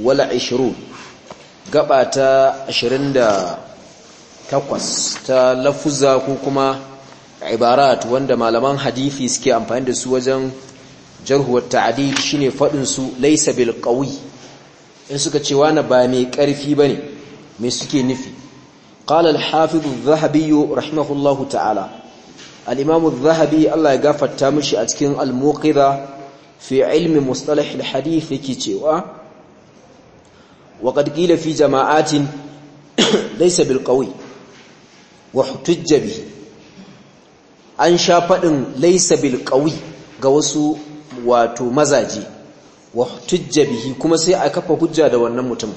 wala gabata ashirin da takwas ta lafuza ko kuma ibarat wanda malaman hadisi suke amfani da su wajen jarhuwar wat shine fadin su laysa bil qawi in suka ce wani ba mai karfi bane mai suke nufi qala al hafiz zahabi rahimahullahu ta'ala al imam az-zahabi Allah ya gafarta mishi a cikin al fi ilmi mustalah al-hadith yake cewa وقد قيل في جماعات ليس بالقوي به an sha faɗin laisa bil ƙawi ga wasu wato mazaje wa tujja bihi kuma sai a kafa hujja da wannan mutum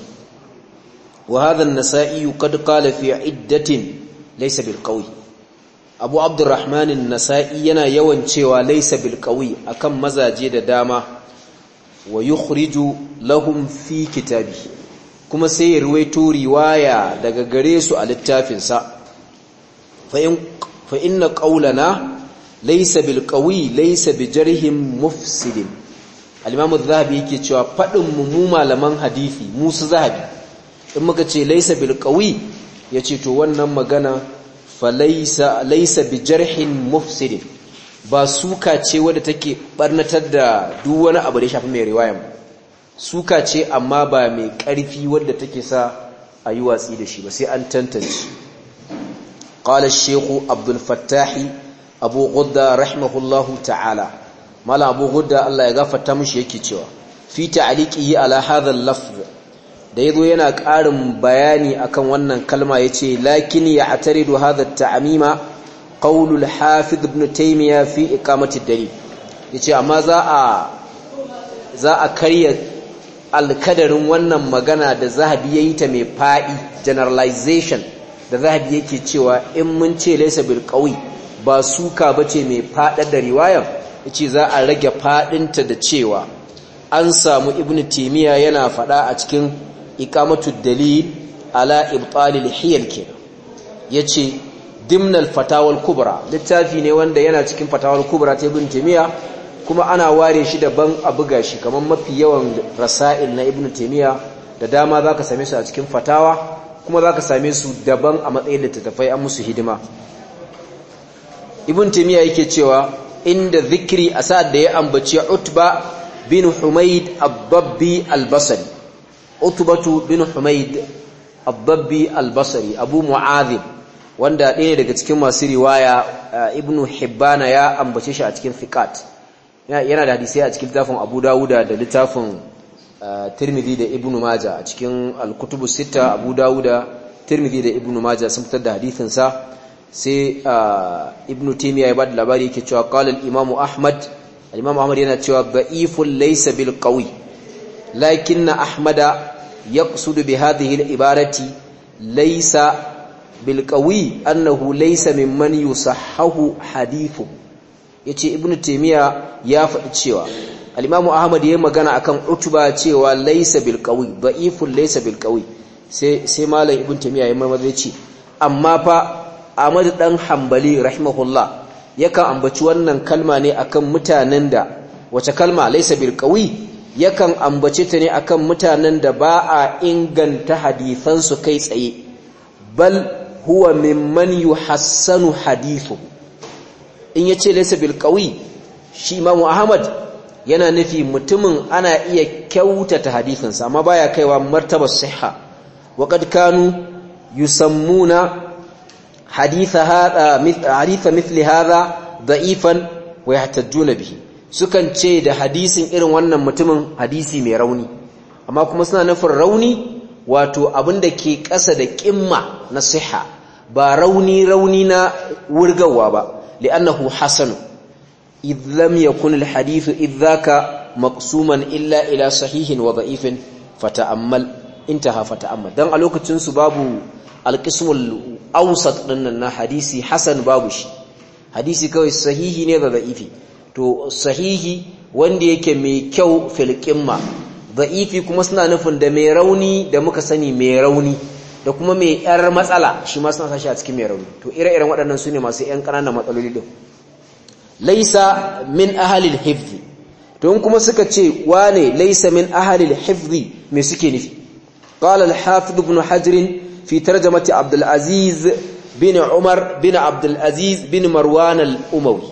wa hadha nasai qad qala fi iddatin laisa bil ƙawi abu abdurrahman an-nasa'i yana yawan cewa laisa bil ƙawi akan mazaje da dama wa yukhriju lahum fi kitabihi kuma sai ya ruwaito riwaya daga gare su a littafinsa fa inna qaulana laysa bil qawi laysa bi mufsidin al-imam az-zahabi yake cewa fadin mu malaman hadisi musu zahabi in muka ce laysa bil qawi yace to wannan magana fa laysa laysa bi jarhin mufsidin ba suka ce wadda take barnatar da duk wani abu da ya shafi mai riwayan suka ce amma ba mai ƙarfi wadda take sa a yi watsi da shi ba sai an tantance ƙala sheku abdulfattahi abu gudda rahimahullahu ta'ala mala abu gudda allah ya gafata mashi yake cewa fi yi ala hadhal lafi da yazo yana ƙarin bayani akan wannan kalma ya ce, lakin ya da hadar ta'mima ƙaunul hafi ibn taimiya fi dare. Ya ce amma za a za a karya alkadarin wannan magana da zahabi ya yi ta mai faɗi generalization da zahabi yake cewa in mun ce laisa bil ba suka ba ce mai faɗar da riwayar yace za a rage faɗinta da cewa an samu ibn timiya yana faɗa a cikin iqamatu dalil ala ibtalil hiyal ke ce dimnal fatawal kubra littafi ne wanda yana cikin fatawal kubra ta ibn timiya kuma ana ware shi daban a buga shi kamar mafi yawan rasa'il na Ibn taymiya da dama zaka same su a cikin fatawa kuma zaka same su daban a matsayin tafai an musu hidima ibnu taymiya yake cewa inda zikri a sa'ad da ya ambaci utba bin humayd ababbi albasari utbatu bin humayd abbabbi albasari abu mu'adhib wanda ɗaya daga cikin masu riwaya ibn hibbana ya ambace shi a cikin fiqat yana da hadisai a cikin littafin Abu Dawuda da littafin eh, Tirmidhi da Ibn Majah a cikin Al-Kutubu Sitta Abu Dawuda Tirmidhi da Ibn Majah sun fitar da hadisin sa sai eh, Ibn Taymiyyah ya ba da labari yake cewa qala imamu imam Ahmad imamu Ahmad yana cewa da'iful laisa bil lakin na Ahmada yaqsudu bi hadhihi ibarati laisa bil qawi annahu laysa mimman yusahhahu ya yace Ibn Taymiyyah ya faɗi cewa al’imamu ahmad ya yi magana akan utuba cewa Laisa bilkawi qawi Laisa laysa sai malar malam ibn tamiya ya marmaza ce amma fa ahmad ɗan hambali rahimahullah yakan ambaci wannan kalma ne akan mutanen da wace kalma Laisa bilkawi yakan ambace ta ne akan mutanen da ba a inganta hadisansu kai tsaye bal huwa mimman yuhassanu hadithu in yace laisa bilkawi shi imamu ahmad yana nufi mutumin ana iya kyautata hadisinsa amma baya kaiwa martabar sihha wa kad kanu yusammuna haditha hada haditha mithli hada da'ifan wa yahtajjuna bihi sukan ce da hadisin irin wannan mutumin hadisi mai rauni amma kuma suna nufin rauni wato abinda ke ƙasa da ƙimma na siha ba rauni rauni na wurgawa ba li'annahu hasanu idh ya yakun alhadith idh maqsuman illa ila sahihin wa da'ifin fata'ammal intaha fata'ammal dan a lokacin su babu alqismul awsat dinnan na hadisi hasan babu shi hadisi kawai sahihi ne da da'ifi to sahihi wanda yake mai kyau fil qimma da'ifi kuma suna nufin da mai rauni da muka sani mai rauni da kuma mai yar matsala shi ma suna sashi a cikin mai rauni to ire-iren waɗannan su ne masu yan ƙananan matsaloli din laisa min ahalil hifzi don kuma suka ce wane laisa min ahalil hifzi me suke nufi qala al-hafiz ibn hajr fi tarjamati abdul aziz bin umar bin abdul aziz bin marwan al-umawi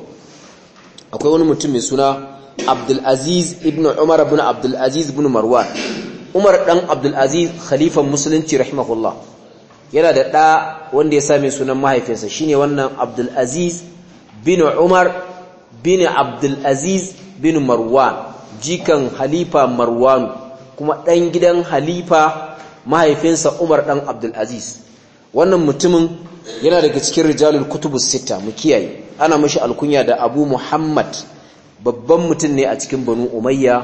akwai wani mutum mai suna abdul aziz ibn umar ibn abdul aziz ibn marwan umar dan abdul aziz khalifan musulunci rahimahullah yana da ɗa wanda ya sami sunan mahaifinsa shine wannan abdul aziz bin umar bin abdulaziz bin marwan jikan halifa marwanu kuma ɗan gidan halifa mahaifinsa umar ɗan Aziz, wannan mutumin yana daga cikin rijalul kutubus sita mu kiyaye ana mashi alkunya da abu muhammad babban mutum ne a cikin banu umayya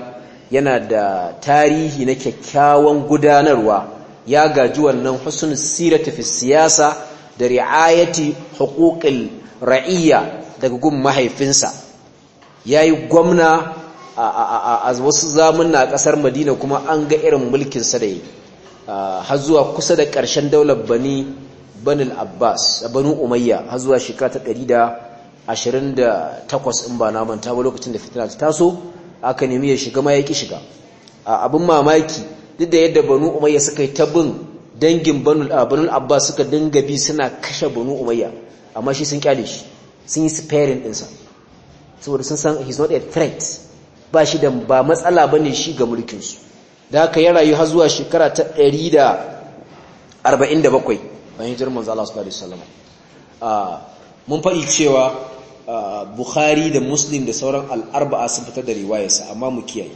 yana da tarihi na kyakkyawan gudanarwa ya gaji wannan husun sirata fi siyasa da ri'ayati huquqil ra'iyya daga gun mahaifinsa ya yi gwamna a wasu zamunna a ƙasar madina kuma an ga irin mulkinsa da yi har zuwa kusa da ƙarshen daular bani banil abbas a banu umayya har zuwa shekara ta in ba na manta ba lokacin da fitina ta taso aka nemi ya shiga ma ya ƙi shiga abin mamaki duk da yadda banu umayya suka yi ta bin dangin banul abbas suka dinga bi suna kashe banu umayya amma shi sun kyale shi sun yi sparing ɗinsa saboda sun san he's not a threat ba shi da ba matsala ne shi ga mulkinsu da haka ya rayu har zuwa shekara ta 147 bayan jirman manzo su sallallahu alaihi ah, mun faɗi cewa ah, Bukhari da Muslim da sauran al'arba sun fitar da riwayarsa amma mu kiyaye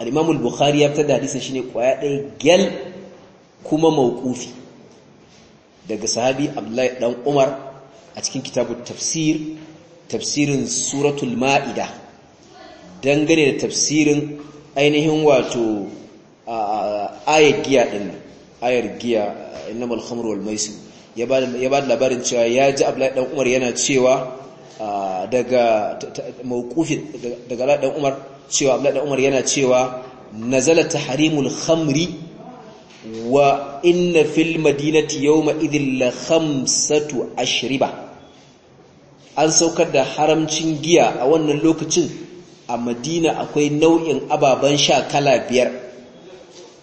al bukhari ya fitar da shi shine kwaya ɗaya gel kuma maukufi daga sahabi Abdullahi ɗan Umar a cikin kitabu tafsir tafsirin suratul ma'ida dangane da tafsirin ainihin wato ayar giya din ayar giya innamal khamru wal maisir ya ba da labarin cewa ya ji abdullahi dan umar yana cewa daga mawqufi daga abdullahi dan umar cewa abdullahi dan umar yana cewa nazala tahrimul khamri wa inna fil madinati yawma idhil khamsatu ashriba an saukar da haramcin giya a wannan lokacin a madina akwai nau'in ababen sha kala biyar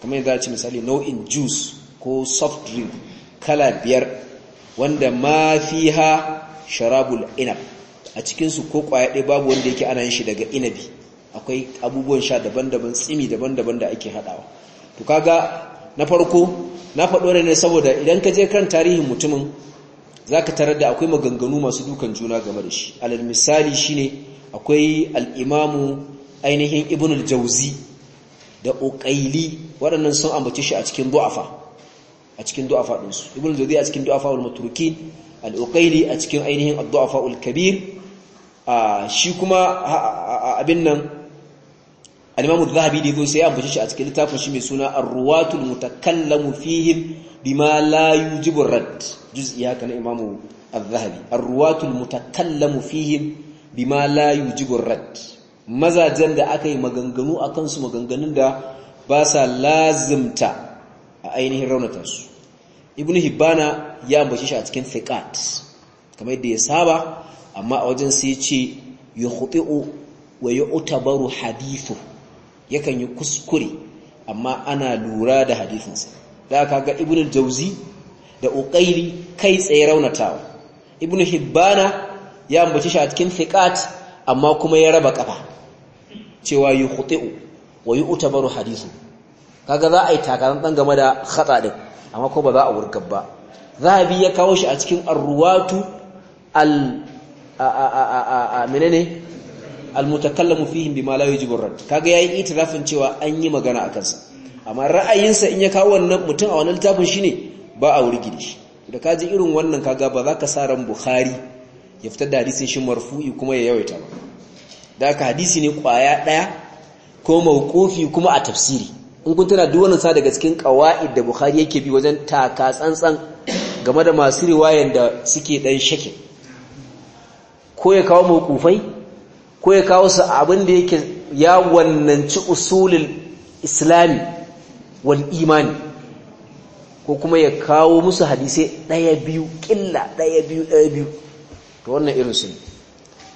kamar yadda ce misali nau'in juice ko soft drink kala biyar wanda ma fi ha sharabul inab a cikinsu ko kwaya ɗaya babu wanda yake ana yin shi daga inabi akwai abubuwan sha daban-daban tsimi daban-daban da ake haɗawa to kaga na farko na faɗo ne saboda idan ka je kan tarihin mutumin za ka tarar da akwai maganganu masu dukan juna game da shi alal misali shine akwai al'imamu ainihin ibn al-jauzi da ukaili waɗannan sun ambace shi a cikin du'afa a cikin du'afa ɗinsu ibn al-jauzi a cikin du'afa al-maturuki al-ukaili a cikin ainihin ad-du'afa kabir shi kuma abin nan al-imamu zahabi da yake sai ya ambace shi a cikin littafin shi mai suna ar-ruwatul mutakallamu fihim bima la yujibu rad juz'i haka na imamu al zahabi ar-ruwatul mutakallamu fihim bima la yujibu rad mazajen da aka yi maganganu a kansu maganganun da ba sa lazimta a ainihin raunatarsu ibnu hibbana ya ambace shi a cikin thiqat kamar yadda ya saba amma a wajen sai ya ce yukhti'u wa yu'tabaru hadithuhu yakan yi kuskure amma ana lura da hadisinsa da aka kaga ibnu jauzi da uqayli kai tsaye raunatawa Ibn hibbana ya ambaci shi a cikin thiqat amma kuma ya raba kafa cewa khuti'u wa yu'tabaru hadithu kaga za a yi takaran dan game da khata din amma ko ba za a wurgar ba zahabi ya kawo shi a cikin arruwatu al a a a a menene almutakallamu fihim bima la yujibu rad kaga yayi itirafin cewa an yi magana akan sa amma ra'ayinsa in ya kawo wannan mutum a wannan littafin shine ba a wuri shi da kaji irin wannan kaga ba za ka sa ran bukhari ya fitar da hadisin shi marfu'i kuma ya yawaita ba da ka hadisi ne kwaya daya ko mawqufi kuma a tafsiri in kun tana duk wannan sa daga cikin qawaid da bukhari yake bi wajen taka tsantsan game da masu riwayan da suke dan shakin ko ya kawo mawqufai ko ya kawo su abin da yake ya wannanci usulin islami wal imani ko kuma ya kawo musu hadisai ɗaya biyu ƙilla ɗaya biyu ɗaya biyu to wannan irin su ne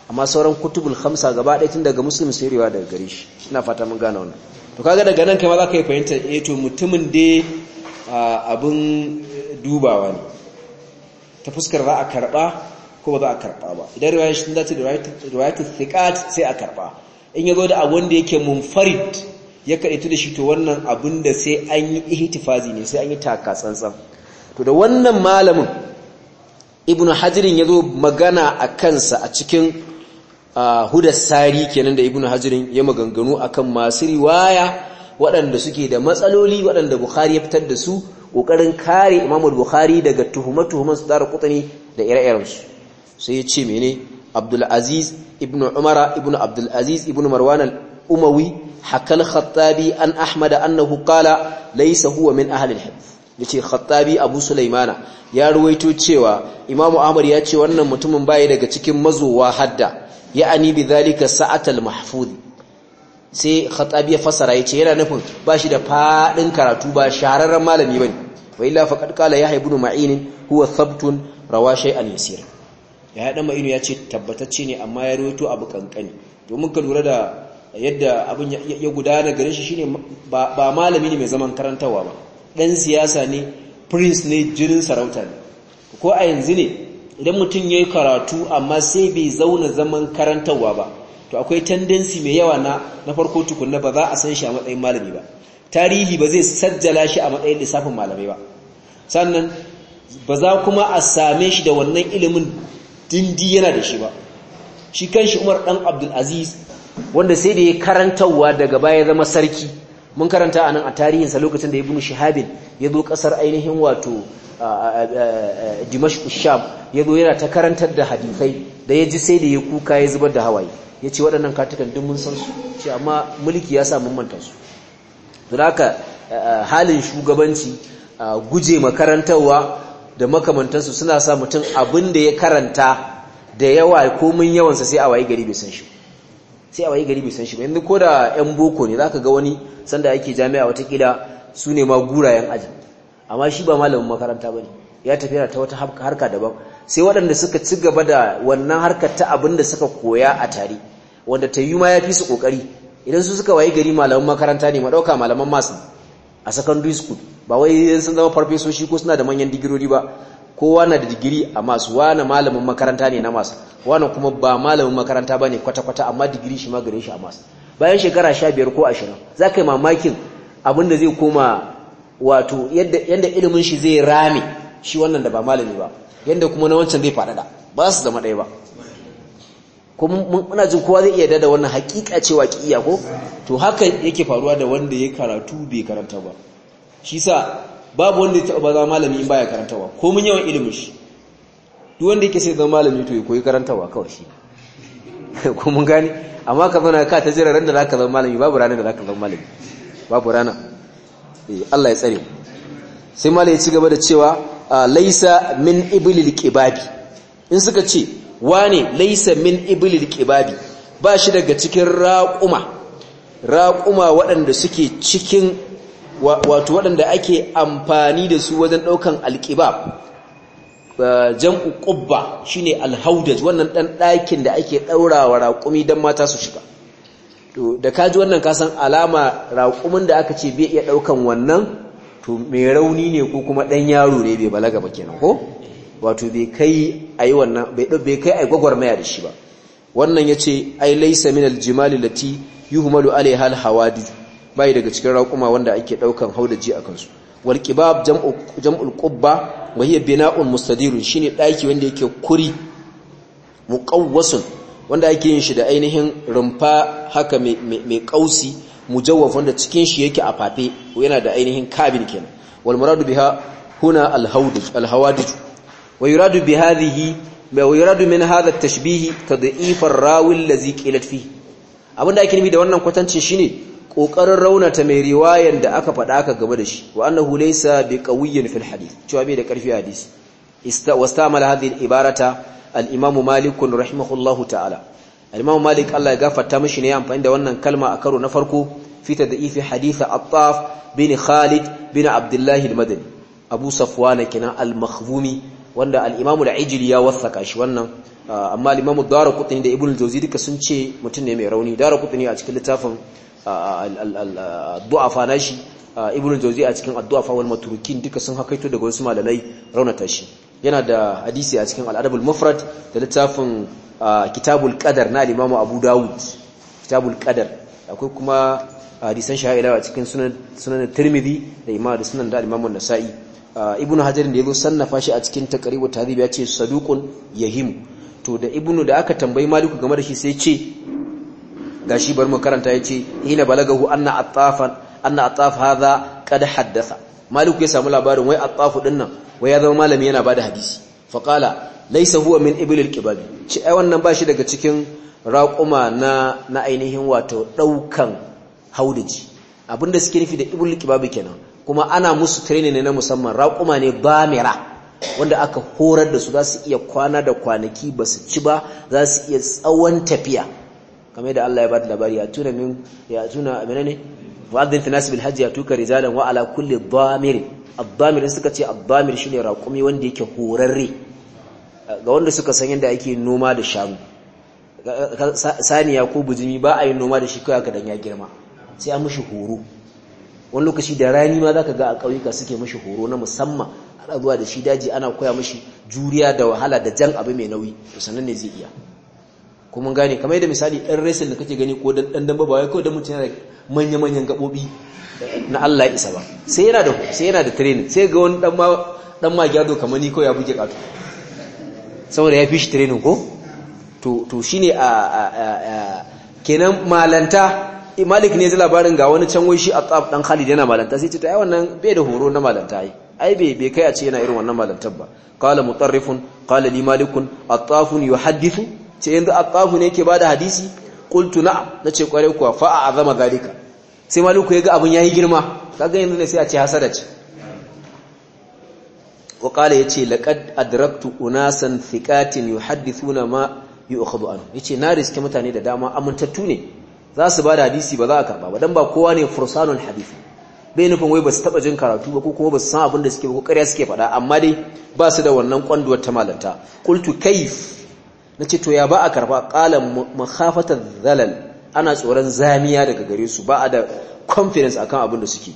amma sauran kutubul hamsa gaba ɗaya tun daga musulun sai daga gare shi ina fata mun gane wannan to kaga daga nan kama za ka yi fahimta eh to mutumin da ah, abin dubawa ne ta fuskar za a karɓa ko ba za a karba ba idan riwaya shi dace da riwayatu thiqat sai a karba in yazo da abun da yake munfarid ya kaitu da shi to wannan abun da sai an yi ihtifazi ne sai an yi taka tsantsan to da wannan malamin ibnu hajirin yazo magana a kansa a cikin hudas sari kenan da ibnu hajirin ya maganganu akan masu riwaya waɗanda suke da matsaloli waɗanda bukhari ya fitar da su ƙoƙarin kare imamul bukhari daga tuhume tuhuman su tsara kutane da ire-irensu sai ya ce mene Abdul Aziz ibn Umar ibn Abdul ibn Marwan al-Umawi hakal Khattabi an Ahmad annahu qala laysa huwa min ahli al-hadith yace Khattabi Abu Sulaimana ya ruwaito cewa Imam Ahmad ya ce wannan mutumin bai daga cikin mazowa hadda ya'ani bidhalika sa'atal mahfuz sai Khattabi ya fasara yace yana nufin bashi da fadin karatu ba shahararren malami bane wa illa faqad qala yahya ibn ma'in huwa thabtun rawa shay'an yasir ya haɗa ma'inu ya ce tabbatacce ne amma ya roto abu kankani domin ka lura da yadda abin ya gudana gare shi shine ba malami ne mai zaman karantawa ba ɗan siyasa ne prince ne jirin sarauta ne ko a yanzu ne idan mutum ya yi karatu amma sai bai zauna zaman karantawa ba to akwai tendensi mai yawa na farko tukunna ba za a san shi a matsayin malami ba tarihi ba zai sajjala shi a matsayin lissafin malamai ba sannan ba za kuma a same shi da wannan ilimin dindi yana da shi ba shi kanshi Umar dan Abdul Aziz wanda sai da ya karantawa daga baya zama sarki mun karanta a nan a tarihinsa lokacin da Ibn Shihabin ya zo kasar ainihin wato Dimashq Sham ya zo yana ta karantar da hadisai da ya ji sai da ya kuka ya zubar da hawaye ya ce waɗannan katukan duk mun san su ce amma mulki ya sa mun manta su don haka halin shugabanci guje makarantarwa da makamantansu suna sa mutum abin da ya karanta da yawa komin yawansa sai a waye gari bai san shi sai a waye gari bai san shi ba yanzu ko da yan boko ne zaka ga wani sanda ake jami'a watakila su ne ma gurayen aji amma shi ba malamin makaranta ba ne ya tafi yana ta wata harka daban sai waɗanda suka ci gaba da wannan harkar ta abin da suka koya a tare wanda ta yi ma ya fi su ƙoƙari idan su suka waye gari malamin makaranta ne maɗauka malaman masu a secondary school ba wai sun zama farfesoshi ko suna da manyan digirori ba kowa na da digiri a masu wana malamin makaranta ne na masu wana kuma ba malamin makaranta ba ne kwata-kwata amma digiri shi magare shi a masu bayan shekara sha biyar ko ashirin za ka yi mamakin abin da zai koma wato yadda ilimin shi zai rame shi wannan da ba malami ba yadda kuma na wancan zai faɗaɗa ba su zama ɗaya ba kuma muna jin kowa zai iya dada wannan hakika cewa kiya ko to haka yake faruwa da wanda ya karatu bai karanta ba shi sa babu wanda ya taɓa zama malami in baya karantawa ko mun yawan ilimin shi duk wanda yake sai zama malami to ya koyi karantawa kawai shi ko mun gane amma ka zauna ka ta jira ran da zaka zama malami babu ranar da zaka zama malami babu rana eh Allah ya tsare mu sai malai ya ci gaba da cewa ah, laisa min iblil kibabi in suka ce wane laisa min iblil kibabi ba shi daga cikin raquma raquma waɗanda suke cikin wato waɗanda ake amfani da su wajen ɗaukan alƙibab jam'u ƙubba shine alhaudas wannan ɗan ɗakin da ake ɗaurawa raƙumi don mata su shiga da kaji wannan kasan alama raƙumin da aka ce bai iya ɗaukan wannan to mai rauni ne ko kuma ɗan yaro ne bai balaga ba kenan ko wato bai kai a yi gwagwarmaya da shi ba wannan ya ce ai laisa min aljimali lati yuhmalu alaihal alhawadi bai daga cikin raƙuma wanda ake ɗaukan ji a kansu wal qibab jam'ul qubba wa bina'un mustadirun shine ɗaki wanda yake kuri muqawwasun wanda ake yin shi da ainihin rumfa haka mai ƙausi mujawwaf wanda cikin shi yake a fafe yana da ainihin kabin kenan wal muradu biha huna al haudaj al hawadij bi hadhihi wa yuradu min hadha at tashbih tad'if ar rawi allazi qilat fihi abinda ake da wannan kwatancin shine kokarin raunata mai riwayan da aka faɗa aka gaba da shi wa annahu laysa biqawiyyin fil hadith cewa bai da karfi hadisi wastamala hadhihi ibarata al imam malik rahimahullahu ta'ala al imam malik Allah ya gafarta mishi ne amfani da wannan kalma a karo na farko fi tad'ifi hadith at-taf bin khalid bin abdullah al madani abu safwan kenan al makhzumi wanda al imam al ijli ya wasaka shi wannan amma al imam ad-darqutni da ibnu al-jawzi duka sun ce mutum ne mai rauni darqutni a cikin littafin du'afa nashi ibnu jawzi a cikin addu'afa wal maturukin duka sun hakaito daga wasu malamai raunata shi yana da hadisi a cikin al'adabul mufrad da littafin kitabul qadar na al-imamu abu dawud kitabul qadar akwai kuma hadisan shahira a cikin sunan sunan tirmidhi da imamu da sunan da al nasa'i ibnu hajar da yazo sannafa shi a cikin taqribu tahdhib ya ce saduqun yahim to da ibnu da aka tambayi maliku game da shi sai ce gashi bari mu karanta yace hina balagahu anna attafan anna attaf hadha qad haddatha malik ya samu labarin wai attafu dinnan wai ya zama malami yana bada hadisi fa qala laysa huwa min ibil kibabi ci ai wannan bashi daga cikin raquma na na ainihin wato daukan haudaji abinda suke nufi da ibil kibabi kenan kuma ana musu training ne na musamman raquma ne bamira wanda aka horar da su za su iya kwana da kwanaki ba su ci ba za su iya tsawon tafiya kamar da Allah ya bada labari ya tuna min ya tuna menene wa'adhin tinas bil hajji ya tuka rizalan wa ala kulli dhamir ad-dhamir suka ce ad-dhamir shine raƙumi wanda yake horarre ga wanda suka san yadda ake noma da shanu saniya ko bujimi ba a yi noma da shi kawai kadan ya girma sai an mishi horo wani lokaci da rani ma zaka ga a kauyuka suke mishi horo na musamman ana zuwa da shi daji ana koya mishi juriya da wahala da jan abu mai nauyi to ne zai iya kuma gane kamar yadda misali ɗan resin da kake gani ko dan dan damba ba wai kawai dan mutum yana manya manyan gabobi na Allah ya isa ba sai yana da sai yana da training sai ga wani dan ma gyado kamar ni ko ya buge ƙato saboda ya fi shi training ko to to shine a kenan malanta eh, Malik ne zai labarin ga wani can wai shi Attab ɗan Khalid yana malanta sai ce to ai wannan bai da horo na malanta ai ai bai bai kai a ce yana irin wannan malantar ba qala mutarrifun qala li malikun attafun yuhaddithu ce yanzu attahu ne yake bada hadisi qultu na ce kware kuwa fa zama zalika sai ga yaga abun yayi girma kaga yanzu ne sai a ce hasada ce wa qala yace laqad adraktu unasan thiqatin yuhaddithuna ma yu'khadhu anhu yace na riske mutane da dama amintattu ne za su bada hadisi ba za a karba ba dan ba kowa ne fursanul hadisi bai nufin wai ba su taba jin karatu ba ko kuma ba su san abin da suke ba ko ƙarya suke faɗa amma dai ba su da wannan kwanduwar ta malanta qultu kaif na ce to ya ba a karba qala makhafatan zalal ana tsoron zamiya daga gare su ba a da confidence akan abin da suke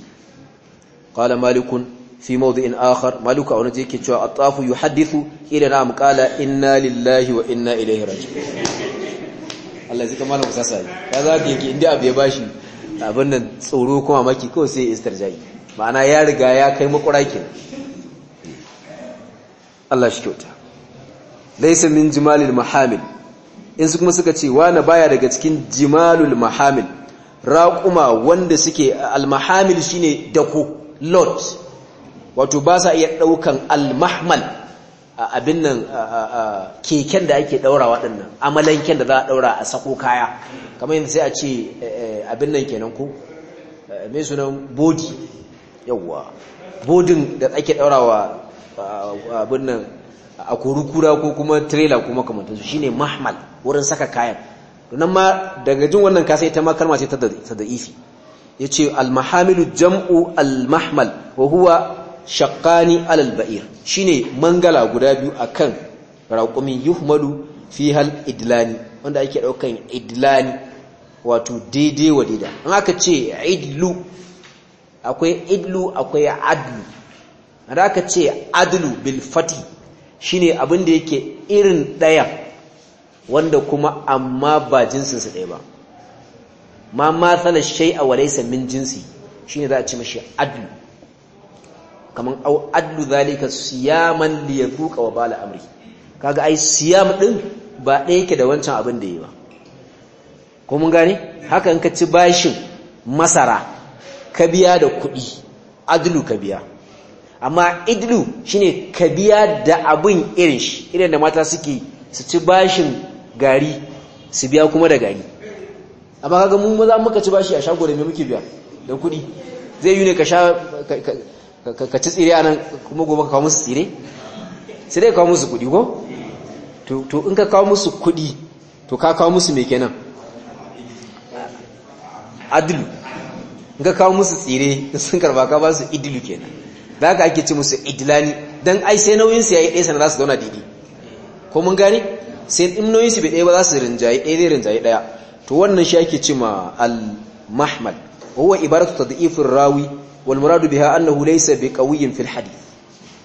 qala malikun fi maudu in akhar maliku a wani je yake cewa atafu yuhaddithu ila na'am qala inna lillahi wa inna ilaihi raji'un Allah zai malam musa sai ya za ka yake inda abu ya bashi abin nan tsoro kuma maki kawai sai ya istirjai ma'ana ya riga ya kai makuraki Allah shi kyauta laysa min jimalil mahamil in su kuma suka ce wani baya daga cikin jimalul mahamil raƙuma wanda suke almahamil shine dako lot wato ba sa iya ɗaukan almahmal abin nan keken da ake ɗaura waɗannan amalanken da za a ɗaura a sako kaya kamar yadda sai a ce eh, eh, abin nan kenan ku eh, mai sunan bodi yawwa bodin da ake ɗaura wa abin nan a kurukura ko kuma trailer ko makamantansu shine mahmal wurin saka kayan nan ma daga jin wannan kasa ita ma kalma ce ta da ifi yace al mahamilu jam'u al mahmal wa huwa shaqqani al ba'ir shine mangala guda biyu akan raƙumin yuhmalu fi hal idlani wanda ake ɗaukan idlani wato daidai wa daida an aka ce idlu akwai idlu akwai adlu an aka ce adlu bil fatih shine abin da yake irin ɗaya wanda kuma amma ba jinsinsu ɗaya ba ma matsala shai a walaisa min jinsi shine za a ci mashi adlu kamar au adlu zalika siyaman li yazuqa wa bala amri kaga ai siyam din ba ɗaya yake da wancan abin da yi ba ko mun gane haka in ka ci bashin masara ka biya da kuɗi adlu ka biya amma idlu shine ka biya da abin irin shi irin da mata suke su ci bashin gari su biya kuma da gari amma kaga mun maza muka ci bashi a shago da me muke biya da kuɗi zai yi ne ka sha ka ci tsire anan kuma gobe ka kawo musu tsire sai dai kawo musu kuɗi ko to in ka kawo musu kuɗi to ka kawo musu me kenan adlu in ka kawo musu tsire sun karba ka ba su idlu kenan da haka ake ce musu idlani dan ai sai nauyin su yayi ɗaya sana za su zauna didi ko mun gani sai in nauyin su bai ɗaya ba za su rinjaye ɗaya zai rinjaye ɗaya to wannan shi ake ce ma al mahmad huwa ibaratu tad'ifir rawi wal muradu biha annahu laysa qawiyyin fil hadith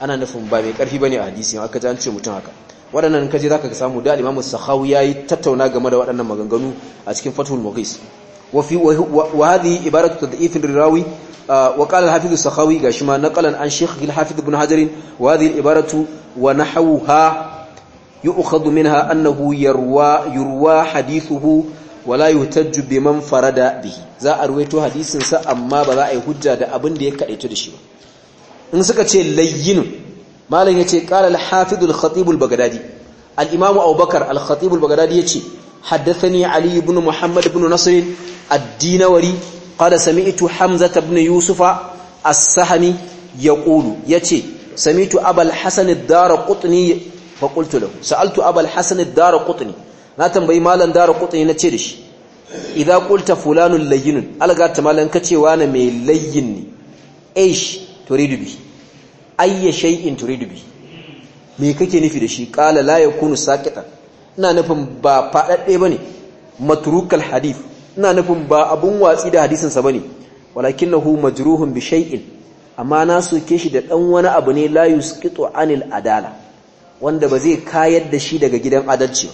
ana nufin ba mai karfi bane a hadisi aka ji an ce mutum haka waɗannan kaje zaka samu da al-Imam ya yi tattauna game da waɗannan maganganu a cikin Fathul Mughis وفي وهذه عبارة تضعيف للراوي وقال الحافظ السخاوي غشما نقلا عن شيخ الحافظ ابن حجر وهذه العبارة ونحوها يؤخذ منها أنه يروى يروى حديثه ولا يهتج بمن فرد به za a ruwaito hadisin sa amma ba za a yi hujja da abin da ya kadaitu da shi ba in suka ce layyin malam yace qala al-hafidh al-khatib abubakar al yace حدثني علي بن محمد بن نصر الدينوري قال سمعت حمزة بن يوسف السهمي يقول يتي سمعت أبا الحسن الدار قطني فقلت له سألت أبا الحسن الدار قطني لا تنبي مالا دار قطني نتشرش إذا قلت فلان لين ألقات مالا كتي وانا مي ليني إيش تريد به أي شيء تريد به مي كتي نفي دشي قال لا يكون ساكتا ina nufin ba faɗaɗɗe ba ne maturukal hadif ina nufin ba abun watsi da hadisinsa ba ne walakin walakinahu majruhun bi shay'in amma na soke shi da ɗan wani abu ne layus kito anil adala wanda ba zai kayar da shi daga gidan adalci ba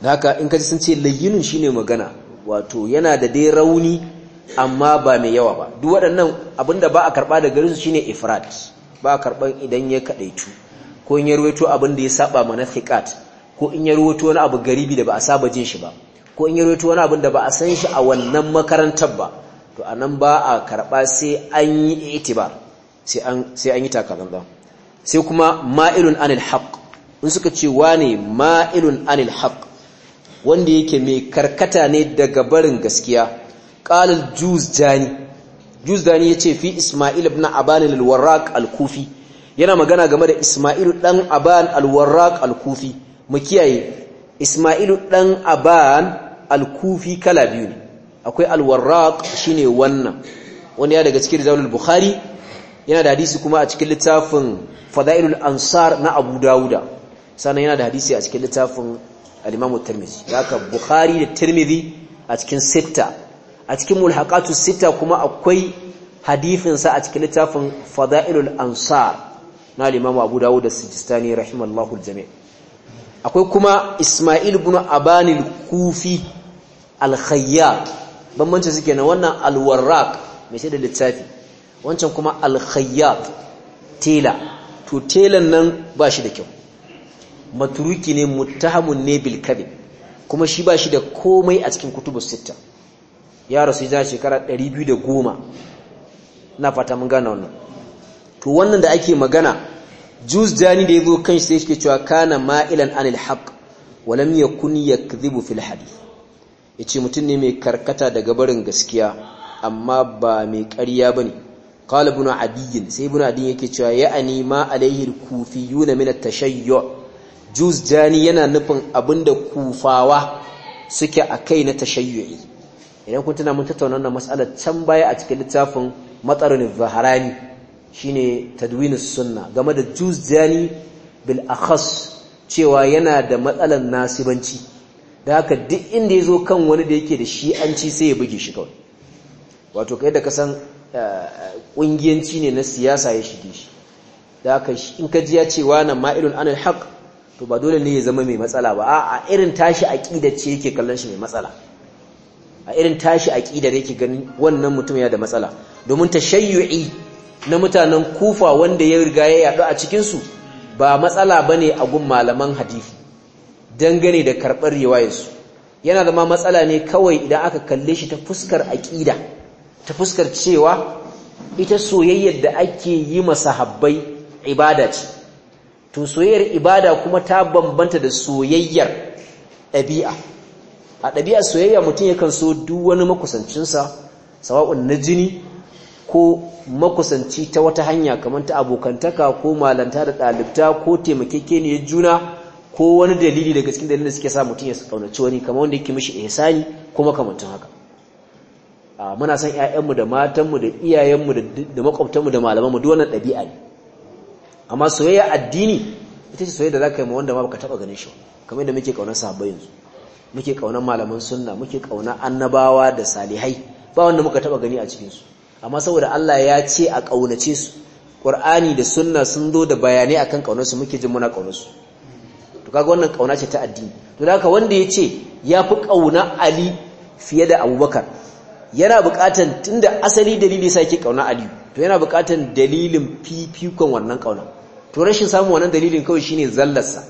da haka in kaji sun ce shi shine magana wato yana da dai rauni amma ba mai yawa ba duk waɗannan abinda ba a karɓa da garinsu shine ifrat ba a karɓan idan ya kaɗaitu ko in ya abin da ya saba ma na thiqat ko in ya wani abu garibi da ba a saba jin shi ba ko in ya wani abin da ba a san shi a wannan makarantar ba to anan ba a karba sai an yi itibar sai an sai an yi takalanda sai kuma ma'ilun anil haqq in suka ce wane ma'ilun anil haqq wanda yake mai karkata ne daga barin gaskiya qalal juz ya yace fi isma'il ibn abanil warraq al-kufi yana magana game da Ismailu ɗan Aban al-Warraq al-Kufi mu kiyaye Ismailu ɗan Aban al-Kufi kala biyu ne akwai al-Warraq shine wannan wani ya daga cikin Rizalul Bukhari yana da hadisi kuma a cikin littafin Fadailul Ansar na Abu Dawuda sannan yana da hadisi a cikin littafin al-Imam at-Tirmidhi haka Bukhari da Tirmidhi a cikin sitta a cikin mulhaqatu sitta kuma akwai hadifinsa a cikin littafin Fadailul Ansar na limamu abu dawud da sijistani rahimallahu aljami akwai kuma isma'il ibn abanil kufi al-khayyat bambancin suke na wannan al-warraq mai sai littafi wancan kuma al tela to telan nan ba shi da kyau maturuki ne muttahamun ne bil kadhib kuma shi ba shi da komai a cikin kutubus Sita. ya rasu ya shekara 210 na fata mun gane wannan to wannan da ake magana juz jani da yazo kan shi sai yake cewa kana ma'ilan anil haqq wa lam yakun yakdhibu fil hadith yace mutun ne mai karkata daga barin gaskiya amma ba mai ƙarya bane qala ibn adiyyin sai ibn adiyyin yake cewa ya'ani ma alayhi al-kufiyuna min at-tashayyu juz jani yana nufin abinda kufawa suke akai na tashayyu'i idan kun tana mun tattauna wannan mas'alar can baya a cikin littafin matsarin zaharani shine tadwinus sunna game da Jani bil akhas cewa yana da matsalan nasibanci da haka duk inda yazo kan wani da yake da shi shi'anci sai ya buge shi kawai wato kai da kasan eh, ƙungiyanci ne na siyasa ya shige shi da haka in ka ji ya ce wa nan ma'ilun anil haq to ba dole ne ya zama mai matsala ba a'a irin tashi aqidar ce yake kallon shi mai matsala a irin tashi aqidar yake ganin wannan mutum ya da matsala domin tashayyu'i na mutanen kufa wanda ya riga ya yadu a cikinsu ba matsala ba ne a gun malaman hadithi dangane da karɓar riwayarsu yana zama matsala ne kawai idan aka kalle shi ta fuskar aƙida ta fuskar cewa ita soyayyar da ake yi masahabbai ibada ce to soyayyar ibada kuma ta bambanta da soyayyar ɗabi'a a ɗabi'a soyayya mutum yakan so duk wani makusancinsa sawa'un na jini ko makusanci ta wata hanya kamar ta abokantaka ko malanta da ɗalibta ko taimakekeniyar juna ko wani dalili daga cikin dalilin da suke sa mutum ya kaunaci wani kamar wanda yake mishi ihsani kuma kamantun haka muna son ƴaƴanmu da matanmu da iyayenmu da makwabtanmu da malamanmu duk wannan ɗabi'a ne amma soyayya addini ita ce soyayya da za ka yi ma wanda ma baka taɓa ganin shi kamar yadda muke ƙaunar sahabbai yanzu muke ƙaunar malaman sunna muke ƙaunar annabawa da salihai ba wanda muka taɓa gani a cikinsu amma saboda Allah ya ce a ƙaunace su ƙur'ani da sunna sun zo da bayanai akan ƙaunarsu muke jin muna ƙaunarsu to kaga wannan kauna ce ta addini to da haka wanda ya ce ya fi ƙauna Ali fiye da Abubakar yana buƙatan tunda asali dalili sa yake ƙauna Ali to yana buƙatan dalilin fifikon wannan kauna to rashin samun wannan dalilin kawai shine zallarsa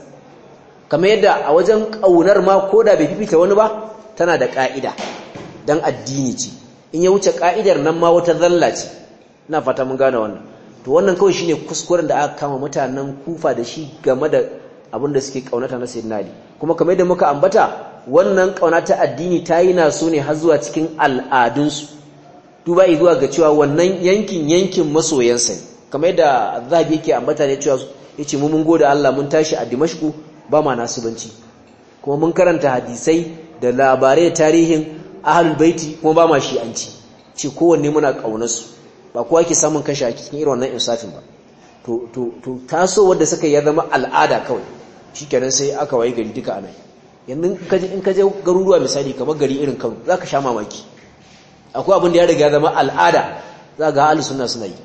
kamar yadda a wajen ƙaunar ma koda bai fifita wani ba tana da ƙa'ida dan addini ce in ya wuce ka'idar nan ma wata zalla ce ina fata mun gane wannan to wannan kawai shine kuskuren da aka kama mutanen kufa da shi game da abin da suke kaunata na sayyidina ali kuma kamar da muka ambata wannan kauna ta addini ta yi so ne har zuwa cikin al'adunsu duba zuwa ga cewa wannan yankin yankin masoyansa ne kamar da zabi yake ambata ne cewa yace mu mun gode Allah mun tashi a Dimashku ba ma nasibanci kuma mun karanta hadisai da labarai da tarihin ahalul baiti kuma ba ma shi'anci ce kowanne muna kaunarsu su ba kowa ke samun kashi a cikin irin wannan insafin ba to to to taso wanda suka ya zama al'ada kawai shikenan sai aka waye gari duka anan yanzu in in kaje garuruwa misali kamar gari irin Kano ka sha mamaki akwai abin da ya riga ya zama al'ada za ga ahlus sunna suna yi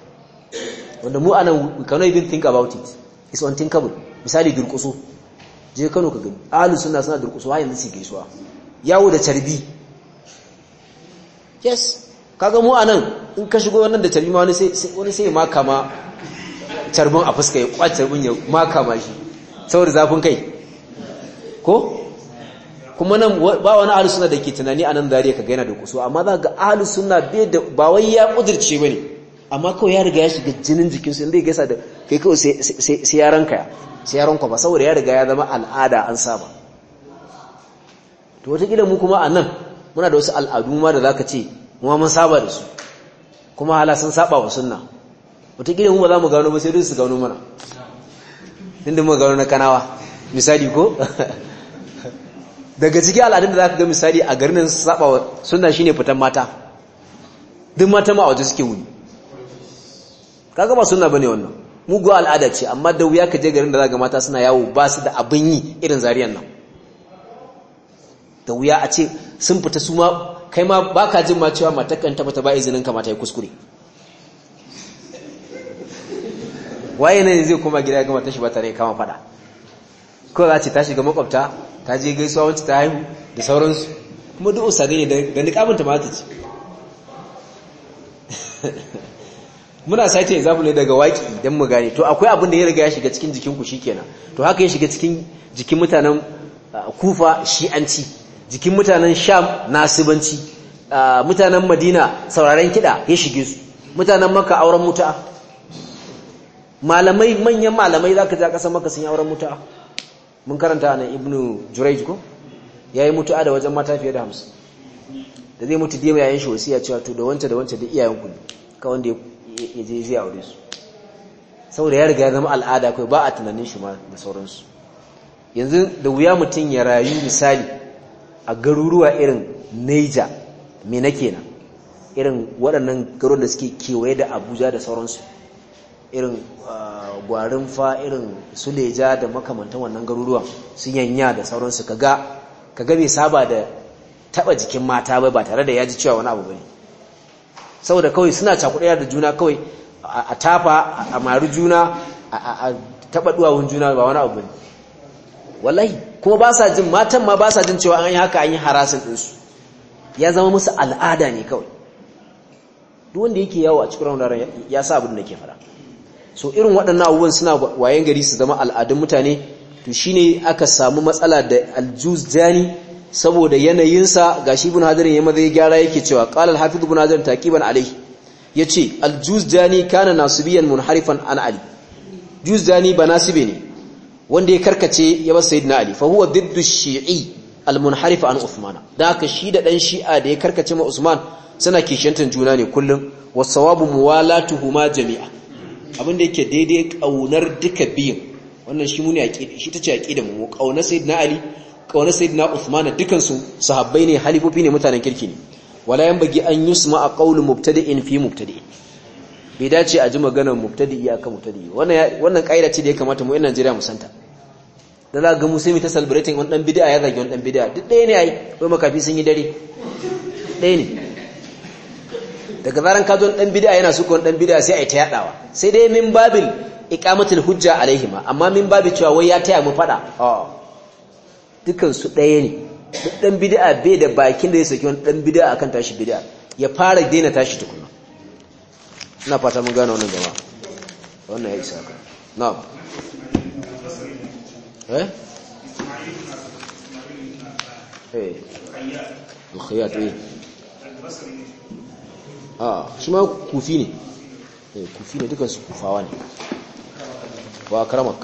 wanda mu anan we cannot even think about it it's unthinkable misali durkusu je Kano ka gani ahlus sunna suna durkusu har yanzu su gaisuwa yawo da carbi yes kaga mu anan in ka shigo wannan da tarima ma wani sai wani sai ma kama tarbin a fuska ya kwace tarbin ya ma kama shi saboda zafin kai ko kuma nan ba wani ahlus sunna dake tunani anan zariya kaga yana da kusu amma za ga ahlus sunna bai da ba wai ya kudirce bane amma kawai ya riga ya shiga jinin jikin su inda ya gaisa da kai kawai sai sai ka sai yaran ka ba saboda ya riga ya zama al'ada an saba to wata kila mu kuma anan muna da wasu al'adu ma da za ka ce kuma mun saba da su kuma hala sun saba wa sunna wataƙila mu ba za mu gano ba sai su gano mana inda mu gano na kanawa misali ko daga ciki al'adun da za ka ga misali a garin su saba wa sunna shine fitan mata duk mata ma a waje suke wuni kaga ba sunna ne wannan mugu al'ada ce amma da wuya ka je garin da za ga mata suna yawo ba su da abin yi irin zariyan nan da wuya a ce sun fita su ma kai ma ba ka jin ma cewa matakan ta bata ba izinin ka mata yi kuskure waye ne zai koma gida ga matashi ba tare kama fada ko za ce ta shiga makwabta ta je gaisuwa wacce ta haihu da sauransu kuma duk usare ne da niqabin ta mata ta ci muna saita zafi ne daga waki don mu gane to akwai abin da ya riga ya shiga cikin jikin ku kenan to haka ya shiga cikin jikin mutanen uh, kufa shi an ci. jikin mutanen sham nasibanci ah, mutanen madina sauraren kiɗa ya shige su mutanen maka auren muta malamai manyan malamai za ka ja kasa maka sun yi auren muta mun karanta nan ibnu juraij ko ya yi mutu'a da wajen mata fiye da hamsin da zai mutu dima yayin shi ya cewa to da wancan da wancan da iyayen ku ka wanda ya je zai aure su saboda ya riga ya zama al'ada kai ba a tunanin shi ma da sauransu yanzu da wuya mutum ya rayu misali a garuruwa irin Niger na kenan irin waɗannan garuruwan da suke kewaye da Abuja da sauransu irin ah, gwarin fa irin Suleja da makamantan wannan garuruwan su yanya da sauransu kaga kaga bai saba da taba jikin mata ba ba tare da ya ji cewa wani abu bane saboda kawai suna cakuɗe da juna kawai a tafa a mari juna a taɓa duwawun juna ba wani abu bane wallahi kuma ba sa jin matan ma ba sa jin cewa an yi haka an yi harasin ɗinsu ya zama musu al'ada ne kawai duk wanda yake yawo a cikin ranar ya sa abin da ke fara so irin waɗannan abubuwan suna wayan gari su zama al'adun mutane to shine aka samu matsala da Jani saboda yanayinsa gashi ibn hajar ya mazai gyara yake cewa qala al-hafiz ibn hajar taqiban alayhi yace jani kana nasibiyan munharifan an ali jani ba nasibe ne wanda ya karkace ya bar sayyidina ali fa huwa diddu shi'i almunharif an usman da ka shi da dan shi'a da ya karkace ma usman suna kishantan juna ne kullum wasawabu muwalatuhuma jami'a abin da yake daidai kaunar duka biyun wannan shi muni aqida shi tace aqida mu kaunar sayyidina ali kaunar sayyidina usman dukan su sahabbai ne halifofi ne mutanen kirki ne wala bagi an yusma qawlu mubtadi'in fi mubtadi'in bai dace a ji maganar mubtadi'i aka mubtadi'i wannan wannan kaida ce da ya kamata mu ina Najeriya mu santa da za ga musulmi ta celebrating wani dan bid'a ya zagi wani dan bid'a duk ɗaya ne a ai wai makafi sun yi dare ɗaya ne daga zaran ka zo wani dan bid'a yana suka wani dan bid'a sai ai ta yadawa sai dai min babil iqamatul hujja alaihima amma min babi cewa wai ya taya mu fada oh. dukan su ɗaya ne duk dan bid'a bai da bakin da ya saki wani dan bid'a akan tashi bid'a ya fara daina tashi tukuna ina fata mun gane wannan jama'a wannan ya isa ka na'am eh? eh al-khayyat eh ah chama ma kufi ne de eh, kufi ne dukansu kufawa ne wa akramak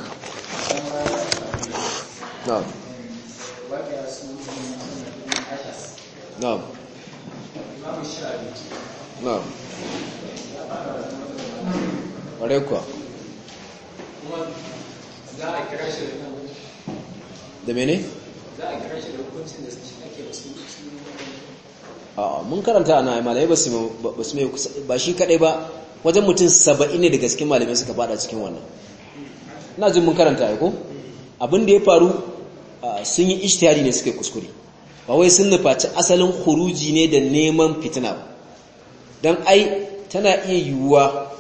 Não. Não. na'am ware kuwa za a da mene mun karanta ana malamai ba su ba shi kadai ba wajen mutum saba'in ne daga cikin malamai suka fada cikin wannan na jin mun karanta ya ku abin da ya faru sun yi ishtiyari ne suka kuskure ba wai sun nufaci asalin kuruji ne da neman fitina ba don ai tana iya yiwuwa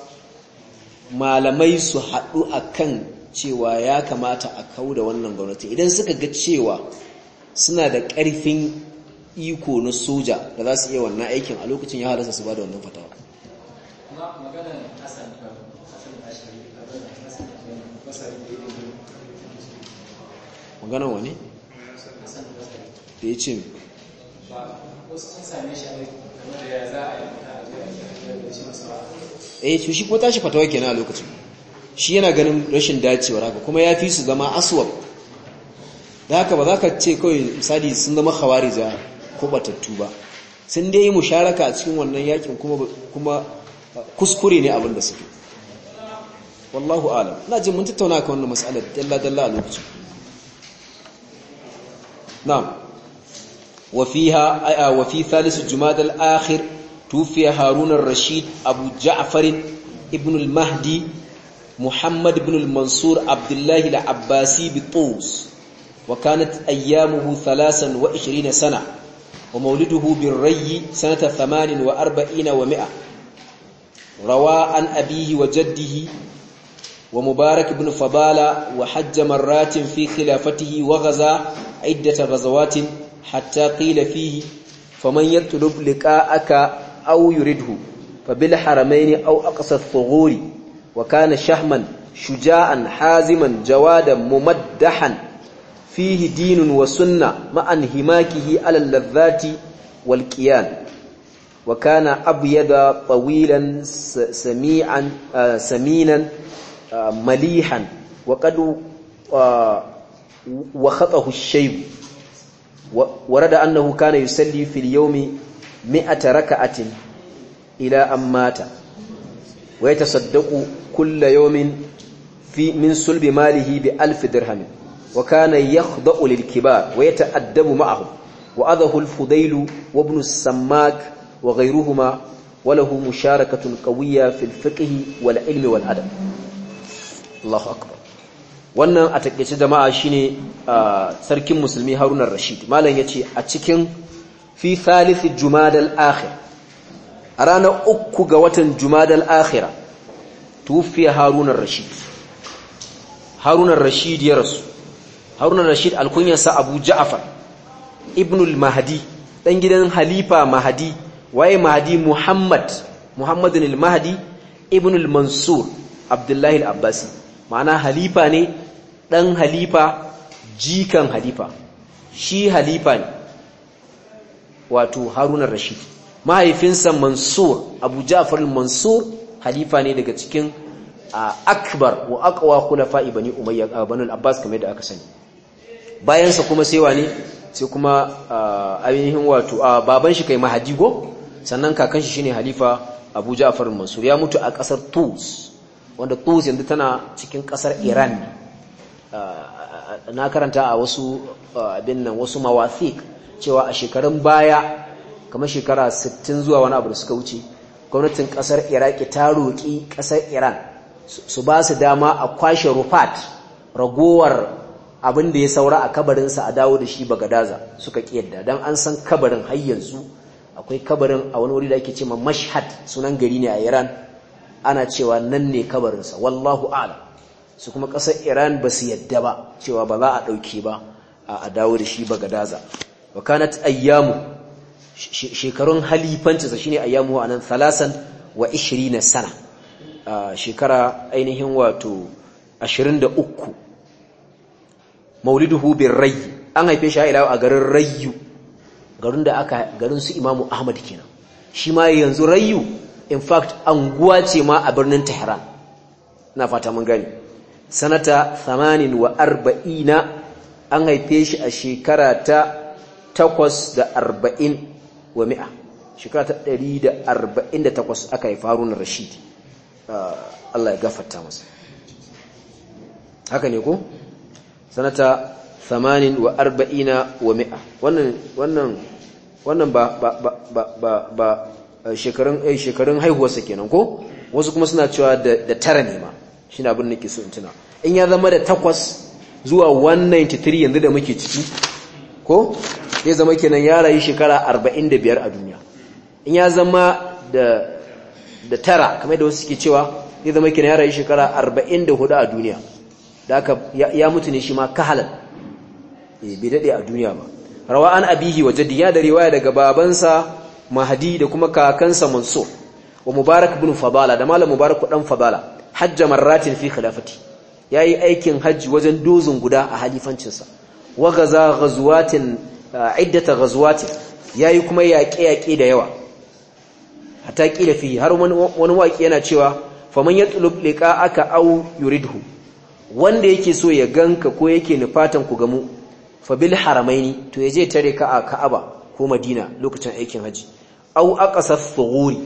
malamai su haɗu a kan cewa ya kamata a kau da wannan gwamnati idan suka ga cewa suna da ƙarfin iko na soja da za su iya wannan aikin a lokacin ya halasa su ba da wannan fatawa maganan wani? da ya ce shi ko eh, tashi fatawa kenan a lokacin shi yana ganin rashin dacewar haka kuma ya fi su zama aswab da haka ba za ka ce kawai misali sun zama hawariza kubatattu ba sun dai yi musharaka a cikin wannan yakin kuma kuskure ne abin da suke wallahu alam Ina jin mun tattauna kan wannan mas'alar dalla dalla a lokacin na'am wa fiha ay wa fi thalith jumada al-akhir tufiya harun ar-rashid abu ja'far ibn al-mahdi محمد بن المنصور عبد الله العباسي بطوس وكانت أيامه ثلاثا وإشرين سنة ومولده بالري سنة ثمان وأربعين ومئة روى عن أبيه وجده ومبارك بن فبالة وحج مرات في خلافته وغزا عدة غزوات حتى قيل فيه فمن يطلب لقاءك أو يرده فبالحرمين أو أقصى الثغور wa shahman shuja'an haziman jawadan mumaddahan fihi dinun wa sunna ma'an himakihi alal ladhati wal qiyan wa kana abyada tawilan sami'an saminan malihan wa qad wa khatahu ash-shayb ورد أنه كان يسلي في اليوم مئة ركعة إلى أن مات ويتصدق kulla yawmin fi min sulbi malihi bi alfi dirhamin wa kana yakhda'u lil kibar wa yata'addabu ma'ahum wa adahu al fudailu wa ibn sammak wa ghayruhuma wa lahu musharakatun qawiyya fil fiqh wal ilmi wal adab Allahu akbar wannan a takeice jama'a shine sarkin musulmi haruna rashid malam ya ce a cikin fi thalith jumadal akhir a ranar uku ga watan jumadal akhira tufiya harun rashid harun rashid ya rasu harun rashid alkunyarsa abu ja'afar ibn mahdi dan gidan halifa mahdi waye mahdi muhammad muhammadun al-mahdi ibn mansur abdullahi al-abbasi ma'ana halifa ne dan halifa jikan halifa shi halifa ne wato harun rashid mahaifinsa mansur abu ja'far mansur halifa ne daga cikin akbar wa aqwa khulafa'i bani umayya ibn al-abbas kamar da aka sani bayan sa kuma sai wani sai kuma ainihin wato baban shi kai mahadigo sannan kakan shi shine halifa abu ja'far mansur ya mutu a kasar tus wanda tus yanzu tana cikin kasar iran na karanta a wasu abin nan wasu mawathiq cewa a shekarun baya kamar shekara 60 zuwa wani abu da suka wuce gwamnatin kasar iraki ta roƙi kasar iran su ba su dama a kwashe rufat ragowar abin da ya saura a kabarinsa a dawo da shi ba gadaza suka yadda don an san kabarin har yanzu akwai kabarin a wani wuri da ake ce ma mashhad sunan gari ne a iran ana cewa nan ne kabarinsa wallahu ala su kuma ƙasar iran ba su yadda ba cewa ba za a ɗauke ba a dawo da shi ba gadaza kanat ayyamu shekarun halifancinsa shine ayyamu anan thalasan wa 20 sana shekara ainihin wato 23 mauliduhu hubin rai an haife shi a garin rayu garin da aka garin su imamu ahmad kenan shi ma yanzu rayu in fact anguwa ce ma a birnin tehran na fata mun gani sanata arba'ina, an haife shi a shekara ta takwas da arba'in. wa mi'a shekara ta 148 aka yi harun rashid ah, Allah ya gafarta masa haka ne ko sanata 48 wa wa mi'a wannan wannan wannan ba ba ba ba ba eh, shekarun eh shekarun haihuwarsa kenan ko wasu kuma suna cewa da tara ne ma shine abin nake so in tuna in ya zama da takwas zuwa 193 yanzu da muke ciki ko zai zama kenan ya rayu shekara 45 a duniya in ya zama da tara kamar da wasu suke cewa zai zama kenan ya rayu shekara 44 a duniya da aka ya mutu ne shi ma kahalan eh, bai daɗe a duniya ba rawa an abihi wa jaddi ya da riwaya daga babansa mahdi da kuma kakansa mansur wa mubarak ibn fadala da malam mubarak dan fabala hajja marratin fi khilafati yayi aikin hajji wajen dozin guda a halifancinsa wa gaza ghazwatin iddata ghazwatin yayi kuma yaƙe yaƙe da yawa hatta kila fi har wani waki yana cewa faman yatlub aka au yuridhu wanda yake so ya ganka ko yake nufatan ku gamu fa bil haramaini to yaje tare ka a Ka'aba ko Madina lokacin aikin haji aw aqsas thughuri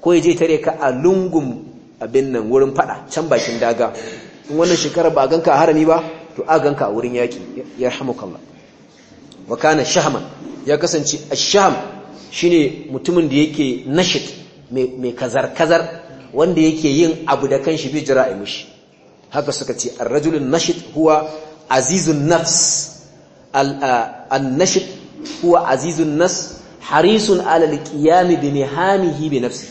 ko yaje tare ka a lungum abin nan wurin fada can bakin daga in wannan shekara ba ganka a harami ba to a ganka a wurin yaki yarhamukallah wa kana shahman ya kasance ash-shahm shine mutumin da yake nashit mai kazar kazar wanda yake yin abu da kan kanshi bi jira'i mushi haka suka ce ar-rajulun nashit huwa azizun nafs al nashit huwa azizun nafs harisun ala al-qiyam bi nihamihi bi nafsi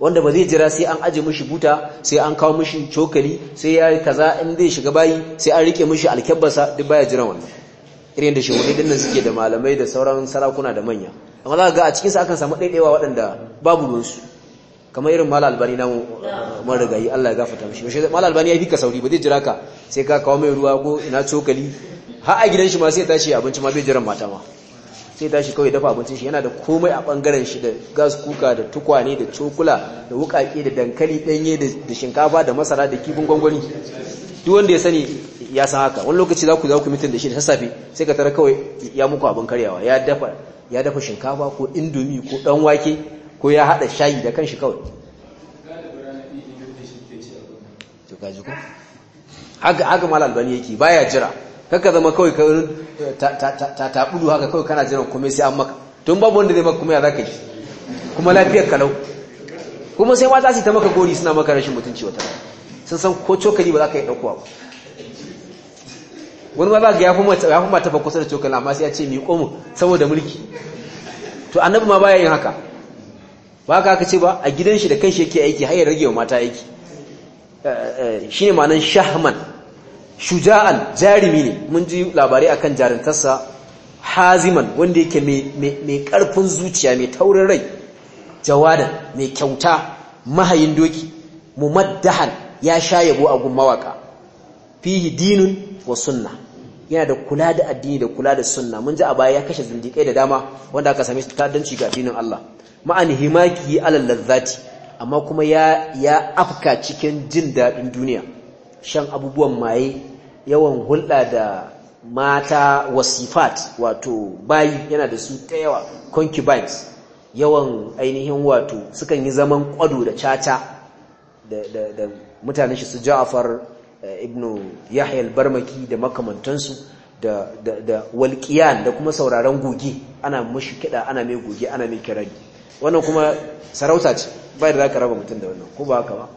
wanda ba zai jira sai an aje mushi buta sai an kawo mushi cokali sai ya yi kaza in zai shiga bayi sai an rike mushi alkebbarsa duk baya jira wannan irin da shehunai nan suke da malamai da sauran sarakuna da manya amma za ka ga a cikin a akan samu daidaiwa waɗanda babu su kamar irin mala albani na rigayi Allah ya gafarta mishi shi mala albani ya fi sauri ba zai jira ka sai ka kawo mai ruwa ko ina cokali har a gidan shi ma sai tashi abinci ma bai jira mata ma sai tashi kawai dafa abincin shi yana da komai a bangaren shi da gas kuka da tukwane da cokula da wukake da dankali danye da shinkafa da masara da kifin gwangwani duk wanda ya sani ya san haka wani lokaci za ku za ku mitin da shi da sassafe sai ka tara kawai ya muku abin karyawa ya dafa ya dafa shinkafa ko indomi ko dan wake ko ya hada shayi da kanshi kawai to kaji ko haka haka mal albani yake baya jira kaka zama kawai ka ta ta budu haka kawai kana jiran kuma sai an maka tun babu wanda zai maka kuma ya zaka ji kuma lafiyar kalau kuma sai mata su ta maka gori suna maka rashin mutunci wata sun san ko cokali ba za ka yi ɗaukowa ba wani maza ga ya fi mata kusa da cokali amma sai ya ce mai mu saboda mulki to annabi ma baya yin haka ba ka haka ce ba a gidan shi da kanshi yake aiki har ya rage wa mata aiki eh, eh, shine manan shahman shuja'an jarimi ne mun ji labarai akan jarintarsa haziman wanda yake mai karfin zuciya mai taurin rai jawadan mai kyauta mahayin doki mu maddahan ya sha yabo a gun mawaka fihi dinun wa sunna yana da kula da addini da kula da sunna mun ji a baya ya kashe zindikai da dama wanda aka same su ta'addanci ga addinin Allah ma'ani himaki alal ladzati amma kuma ya ya afka cikin jin daɗin duniya shan abubuwan maye yawan hulɗa da mata wasifat wato bayi yana da su ta yawa concubines yawan ainihin wato sukan yi zaman kwado da caca da da, da mutanen shi su Ja'far Eh, ibnu yahya al-barmaki da makamantansu da da da Walƙiyan da kuma sauraron goge ana mushi kiɗa ana mai goge ana mai kirari wannan kuma sarauta ce bai da ka raba mutum da wannan ko ba haka ba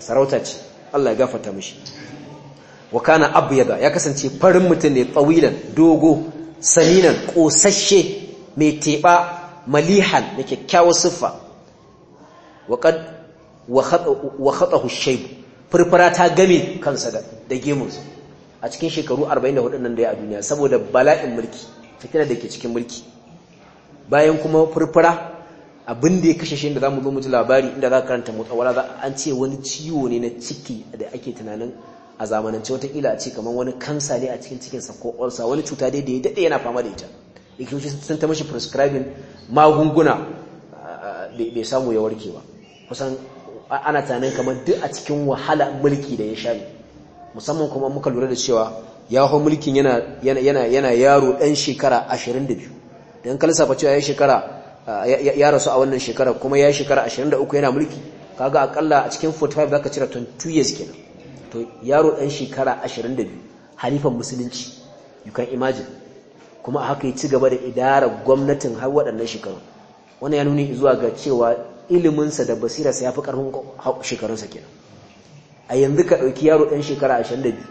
sarauta ce Allah ya gafata mishi wa kana abyada ya kasance farin mutum ne tsawilan dogo saninan kosasshe mai teba malihan da kyakkyawar siffa wa qad khatahu furfura ta game kansa da gemunsa a cikin shekaru 44 nan da ya a duniya saboda bala'in mulki fitina da ke cikin mulki bayan kuma furfura abinda ya kashe shi da za mu zo mutu labari inda za ka karanta mutsawara za an ce wani ciwo ne na ciki da ake tunanin a zamanance watakila a ce kamar wani kansa ne a cikin cikinsa ko ƙwarsa wani cuta dai da ya daɗe yana fama da ita likitoci sun ta mashi prescribing magunguna bai samu ya warke ba kusan ana tunanin kamar duk a cikin wahala mulki da ya sha ne musamman kuma muka lura da cewa ya hau mulkin yana yana yaro ɗan shekara 22 don kalisafa cewa ya shekara ya rasu a wannan shekara kuma ya shekara 23 yana mulki kaga akalla a cikin 45 zaka cira 22 years kenan to yaro ɗan shekara 22 halifan musulunci you can imagine kuma haka ya ci gaba da idara gwamnatin har waɗannan shekaru wannan ya nuni zuwa ga cewa iliminsa da basirarsa ya fi ƙarfin shekarunsa kenan a yanzu ka ɗauki yaro ɗan shekara ashirin da biyu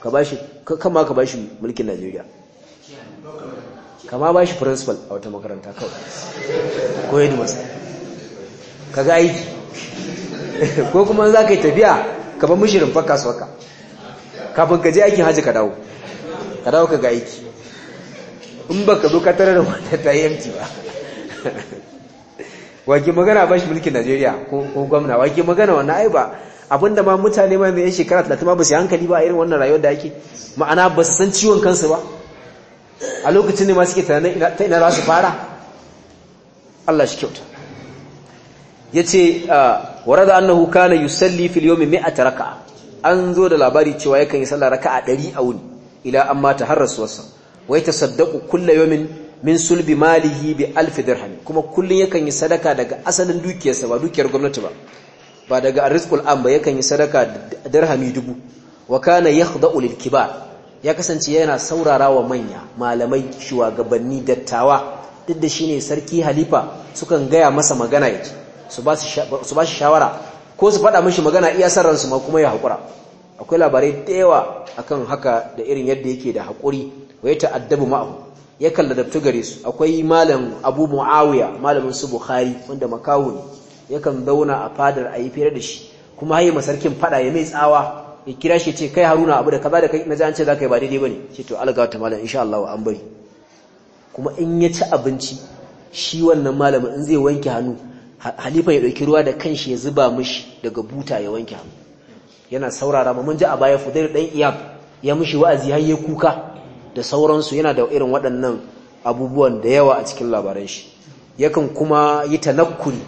ka ba shi kama ka ba shi mulkin najeriya kama ba shi principal a wata makaranta kawai ko yadda masa ka ga aiki ko kuma za ka yi tafiya ka ba mishirin faka su haka kafin ka je aikin hajji ka dawo ka dawo ka ga aiki in ba ka zo ka tarar da wata ta yi ba wake magana ba shi mulkin najeriya ko gwamna wake magana wannan ai ba abinda ma mutane ma mai shekara talatin ma ba su hankali ba irin wannan rayuwar da ake ma'ana ba su san ciwon kansu ba a lokacin ne ma suke tunanin ta ina za su fara Allah shi kyauta ya ce yace ah, warada annahu kana yusalli fil yawmi 100 raka'a an zo da labari cewa yakan yi sallah raka'a 100 a wuni ila amma taharrasu wasa wai tasaddaqu kullu yawmin min sulbi malihi bi alfi dirham kuma kullun yakan yi sadaka daga asalin dukiyarsa ba dukiyar gwamnati ba ba daga arzikul am ba yakan yi sadaka dirhami dubu wa kana yakhda'u lil kibar ya kasance yana saurara wa manya malamai shugabanni dattawa duk da shine sarki halifa sukan gaya masa magana yake su ba su shawara ko su faɗa mishi magana iya san ransu ma kuma ya hakura akwai labarai da yawa akan haka da irin yadda yake da hakuri wa ya ta'addabu ma'ahu ya kalladabtu gare su akwai malam abu muawiya malamin su bukhari wanda makawun ne yakan zauna a fadar a yi fere da shi kuma haye masarkin fada ya mai tsawa ya kira shi ce kai haruna abu da kaza da kai na an ce zaka yi ba daidai bane ce to alga ta malam insha Allah an bari kuma in ya ci abinci shi wannan malamin in zai wanke hannu halifa ya dauki ruwa da kanshi ya zuba mishi daga buta ya wanke hannu yana saurara ba mun ji a baya da dan iyab ya mishi wa'azi har ya kuka da sauransu yana da irin waɗannan abubuwan da yawa a cikin labaran shi yakan kuma yi tanakkuri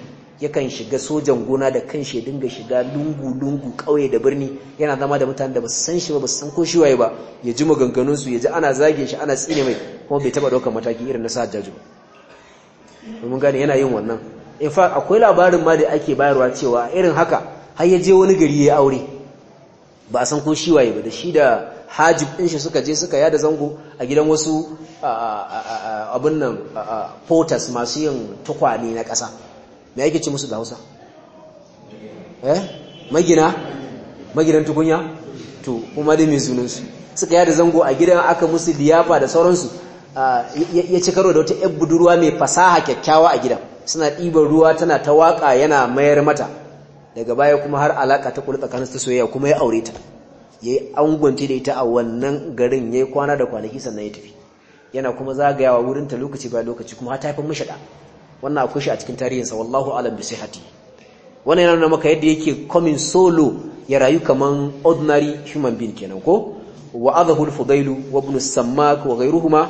yakan shiga sojan gona da kan shi dinga shiga lungu-lungu ƙauye da birni yana zama da mutane da ba su san shi ba ba su san ko shi waye ba ya ji maganganunsu ya ji ana zage shi ana tsine mai kuma bai taɓa ɗaukar mataki irin na sa ba gane yana yin wannan in fa akwai labarin ma da ake bayarwa cewa irin haka har ya je wani gari ya aure ba a san ko shi waye ba da shi da hajib ɗin shi suka je suka yada zango a gidan wasu abin nan potas masu yin tukwane na ƙasa me ake ci musu da hausa eh magina maginan tukunya to kuma dai mai sunansu suka yada zango a gidan aka musu liyafa da sauransu ya ci karo da wata yan budurwa mai fasaha kyakkyawa a gidan suna ɗiban ruwa tana ta waƙa yana mayar mata daga baya kuma har alaƙa ta kula tsakanin ta soyayya kuma ya aure ta yayi angwanci da ita a wannan garin ya yi kwana da kwanaki sannan ya tafi yana kuma zagayawa wurin ta lokaci ba lokaci kuma ta haifin shaɗa. wannan akwai shi a cikin tarihinsa wallahu alam bi hati. wannan yana nuna maka yadda yake coming solo ya rayu kamar ordinary human being kenan ko wa adahu al-fudail wa ibn samak wa ghayruhuma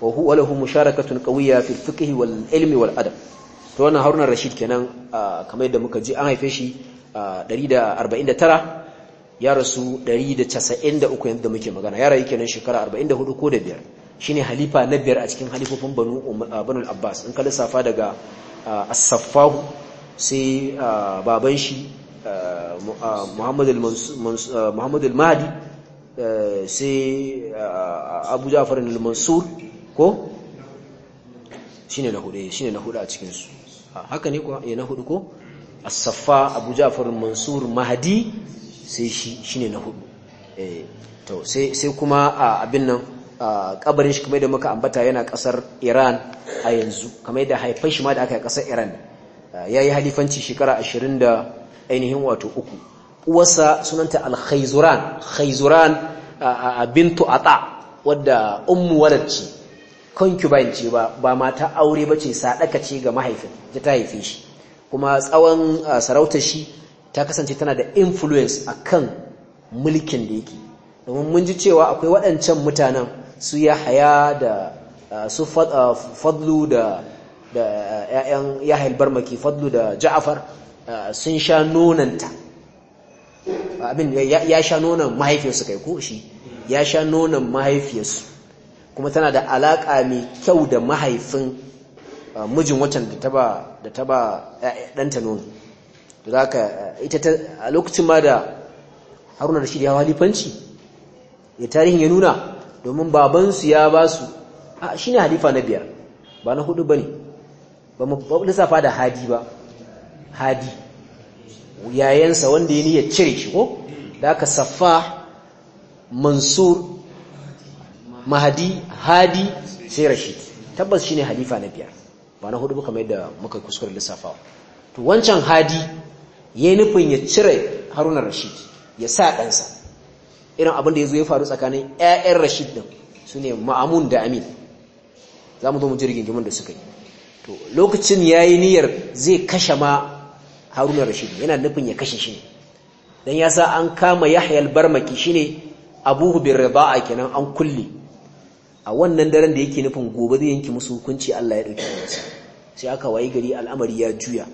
wa huwa lahu musharakatun qawiyya fi al-fiqh wal ilmi wal adab to wannan haruna rashid kenan ah, kamar yadda muka ji an haife shi 149 ah, ya rasu 193 yadda muke magana ya rayu kenan shekara 44 ko da biyar shine halifa na biyar a cikin halifofin banu banul abbas in ka lissafa daga as-saffahu sai baban shi muhammad al-mahdi sai abu ja'far al-mansur ko shine na hudu shine na hudu a cikin su haka ne ko ya eh, na hudu ko as-saffa abu ja'far al-mansur mahdi sai shi shine na hudu eh, to sai kuma a abin nan kabarin shi kamar da muka ambata yana kasar Iran a yanzu kamar da haifan shi ma da aka yi kasar Iran yayi halifanci shekara ashirin da ainihin wato uku uwarsa sunanta al-Khayzuran Khayzuran bintu Ata wadda ummu walad concubine ce ba ba mata aure bace sadaka ce ga mahaifin ta haife shi kuma tsawon sarautar shi ta kasance tana da influence kan mulkin da yake domin mun ji cewa akwai waɗancan mutanen su ya haya da uh, su uh, fadlu da uh, ‘ya’yan barmaki fadlu da ja'afar sun sha nonanta abin ya sha nonan mahaifiyarsu kai ko shi ya sha nonan mahaifiyarsu kuma tana da alaƙa mai kyau da mahaifin mijin watan da ta ba ɗanta nono da ka ita ta a lokacin ma da haruna da shi da ya halifanci ya tarihin ya nuna domin babansu ya ba su a shi ne halifa na biyar ba na hudu ba ne ba mu lissafa da hadi ba hadi yayansa wanda ya niyyar cire shi ko da aka safa mansur mahadi hadi sai rashid tabbas shi ne halifa na biyar ba na hudu ba kamar yadda muka kuskure lissafawa to wancan hadi yayi nufin ya cire Haruna Rashid ya sa ɗansa irin abin da yazo ya faru tsakanin ƴaƴan Rashid din sune Ma'mun da Amin zamu zo mu jirgin gimin da suka yi to lokacin yayi niyyar zai kashe ma Haruna Rashid yana nufin ya kashe shi dan ya sa an kama Yahya al-Barmaki shine Abu bin Rida'a kenan an kulle a wannan daren da yake nufin gobe zai yanke musu hukunci Allah ya dauke masa sai aka wayi gari al'amari ya juya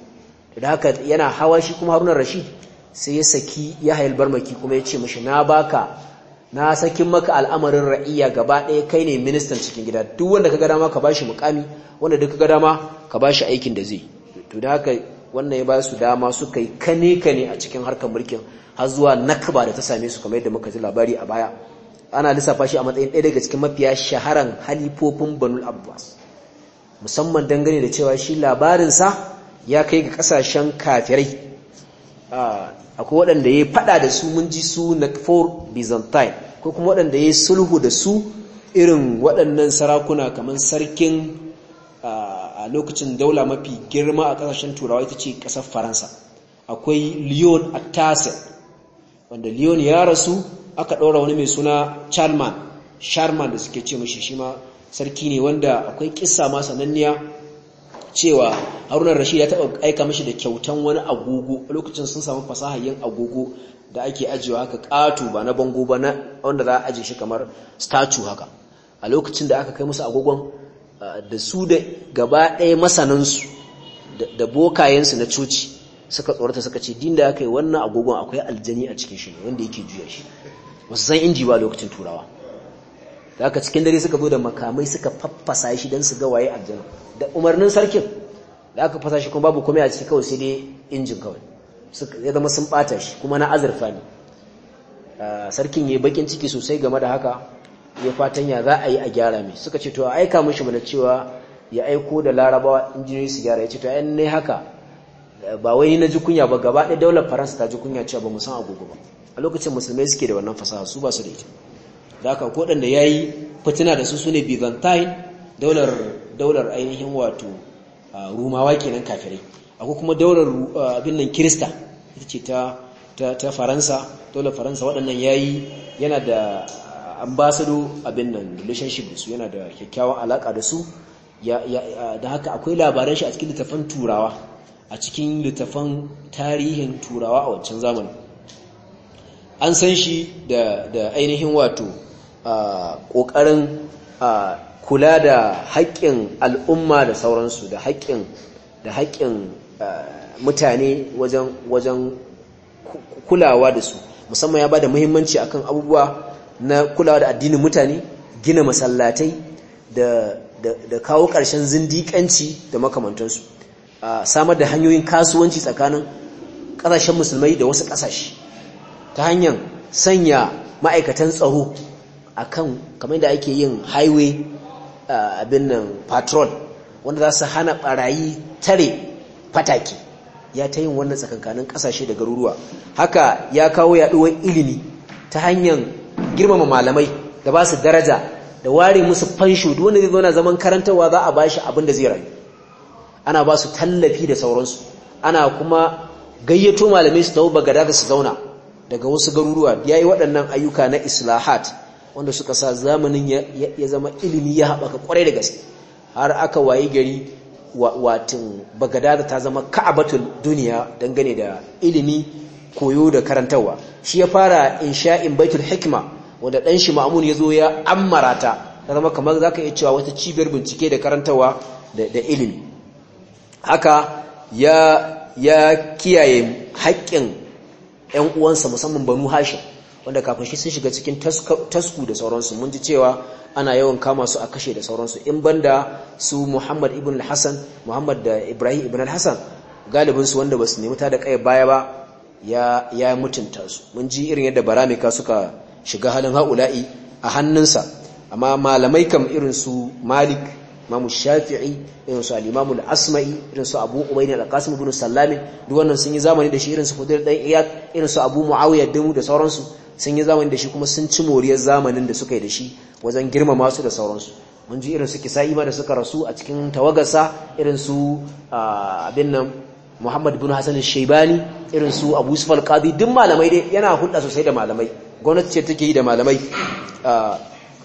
da haka yana hawa shi kuma haruna rashid sai ya saki ya hayal barmaki kuma ya ce mashi na baka na sakin maka al'amarin ra'iya gaba ɗaya kai ne ministan cikin gida duk wanda ka ga dama ka bashi mukami wanda duk ka ga dama ka bashi aikin da zai to da haka wannan ya ba su dama su kai kane kane a cikin harkar mulkin har zuwa nakaba da ta same su kamar yadda muka ji labari a baya ana lissafa shi a matsayin ɗaya daga cikin mafiya shaharan halifofin banul abbas musamman dangane da cewa shi labarinsa ya kai ga kasashen kafirai ah, akwai waɗanda ya faɗa da su mun ji su na for byzantine ko kuma waɗanda ya sulhu da su irin waɗannan sarakuna kamar sarkin ah, a lokacin daula mafi girma a ƙasashen turawa ita ce ƙasar faransa akwai leon attasel wanda leon ya rasu aka ɗora wani mai suna charman sharman da suke ce mashi shi ma sarki ne wanda akwai ƙisa ma sananniya cewa haruna rashid ya taɓa aika mashi da kyautan wani agogo lokacin sun samu fasahar yin agogo da ake ajiyewa haka ƙato ba na bango ba na wanda za a ajiye shi kamar statu haka a lokacin da aka kai musu agogon da su da gaba ɗaya masanansu da bokayensu na coci suka tsorata suka ce din da aka yi wannan agogon akwai aljani a cikin shi ne wanda yake juya shi wasu san inji ba lokacin turawa da aka cikin dare suka zo da makamai suka faffasa shi don su ga waye aljanna da umarnin sarkin da aka fasa shi kuma babu komai a ciki kawai sai dai injin kawai ya zama sun bata shi kuma na azurfa ne ah, sarkin ya yi bakin ciki sosai game da haka ya fatan ya za a yi a gyara mai suka ce to a aika mishi mana cewa ya aiko da larabawa injiniyoyi su gyara ya ce to ayan ne haka ba wai na ji kunya ba gaba ɗaya daular faransa ta ji kunya cewa ba mu san agogo ba a lokacin musulmai suke da wannan fasaha su ba su da ita da haka ko dan ya yi fitina da su sune Byzantine daular ainihin wato Rumawa kenan kafirai akwai kuma daular abin nan Kirista ita ce ta ta Faransa daular Faransa waɗannan ya yi yana da ambasado abin nan relationship da su yana da kyakkyawan alaka da su da haka akwai labaran shi a cikin littafan turawa a cikin littafan tarihin turawa a wancan zamani. an san shi da ainihin wato ƙoƙarin kula da haƙƙin al'umma da sauransu da haƙƙin da mutane wajen wajen kulawa da su musamman ya ba da muhimmanci akan abubuwa na kulawa da addinin mutane gina masallatai da kawo ƙarshen zindiƙanci da makamantansu samar da hanyoyin kasuwanci tsakanin ƙasashen musulmai da wasu ƙasashe ta hanyar sanya ma'aikatan tsaho akan kamar da ake yin highway uh, abin nan patrol wanda za su hana barayi tare fataki ya ta yin wannan tsakankanin kasashe da garuruwa haka ya kawo yaduwar ilimi ta hanyar girmama malamai da ba su daraja da ware musu fansho duk wanda zai zauna zaman karantarwa za a bashi abin da zai rayu ana ba su tallafi da sauransu ana kuma gayyato malamai su tawo bagada su zauna daga wasu garuruwa yayi waɗannan ayyuka na islahat wanda suka sa zamanin ya zama ilimi ya haɓaka kwarai da gaske har aka wayi gari watin da ta zama ka'abatul duniya dangane da ilimi koyo da karantarwa shi ya fara insha'in baitul hikima wanda ɗan shi ma'amun ya zo ya ammara ta zama kamar za ka iya cewa wata cibiyar bincike da karantawa da ilimi haka ya kiyaye haƙƙin yan'uwansa uwansa musamman banu hashim wanda kafin shi sun shiga cikin tasku da sauransu mun ji cewa ana yawan kama su a kashe da sauransu in banda su Muhammad ibn al hassan Muhammad da Ibrahim ibn al hassan galibin su wanda basu nemi ta da kai baya ba ya mutunta su mun ji irin yadda baramika suka shiga halin haula'i a hannunsa amma malamai kam irin su Malik Imam Shafi'i irin su al-Imam asmai irin su Abu Ubayd al-Qasim ibn Sallam duk wannan sun yi zamani da shi irin su Fudail dan Iyad irin su Abu Muawiya da sauransu sun yi zamani da shi kuma sun ci moriyar zamanin da suka yi da shi wajen girmama su da sauransu mun ji irinsu su kisa'i da suka rasu a cikin tawagarsa irin su abin nan Muhammad Bin Hassan al irinsu irin su Abu Yusuf al duk malamai dai yana hulɗa sosai da malamai gwamnati ce take yi da malamai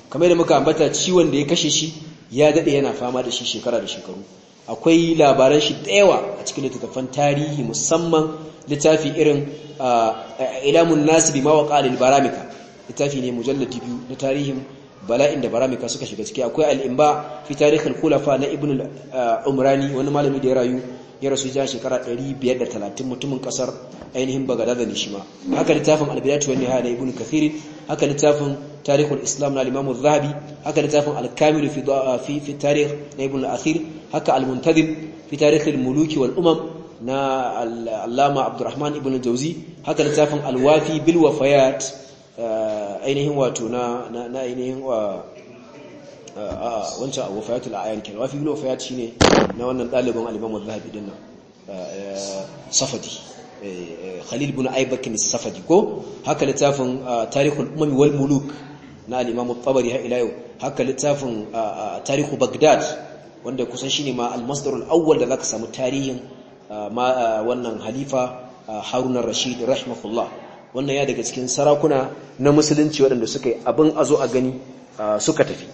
kamar da muka ambata ciwon da ya kashe shi ya daɗe yana fama da shi shekara da shekaru akwai labaran shi dayawa a cikin littattafan tarihi musamman littafi irin ilamun nasi bi mawaqa lil baramika littafi ne mujalladi biyu na tarihin bala'in da baramika suka shiga ciki akwai al'imba fi tarihin kulafa na ibn umrani wani malami da ya rayu ya rasu ja shekara 530 mutumin kasar ainihin bagada ne shi haka littafin al-bidayah wa nihaya na ibn kathir haka littafin tarihul islam na limamu zahabi haka littafin alkamilu fi fi fi tarih na ibn al-akhir haka al-muntazim fi tarihul muluki wal umam na allama abdurrahman ibn jauzi haka littafin alwafi bil wafayat eh, ainihin wato na na ainihin wa eh, wancan wafayatul ayan kenan wafi bil wafayat shine na wannan ɗaliban al-imam zahabi din nan eh, safadi khalil bin aibakin safadi ko haka littafin tarihul umami wal muluk na al-Imam tabari har ila yau haka littafin tarihu Baghdad wanda kusan shine ma al-masdar al-awwal da zaka samu tarihin wannan halifa Harun al-Rashid rahimahullah wannan ya daga cikin sarakuna na musulunci waɗanda suka yi abin azo a gani suka tafi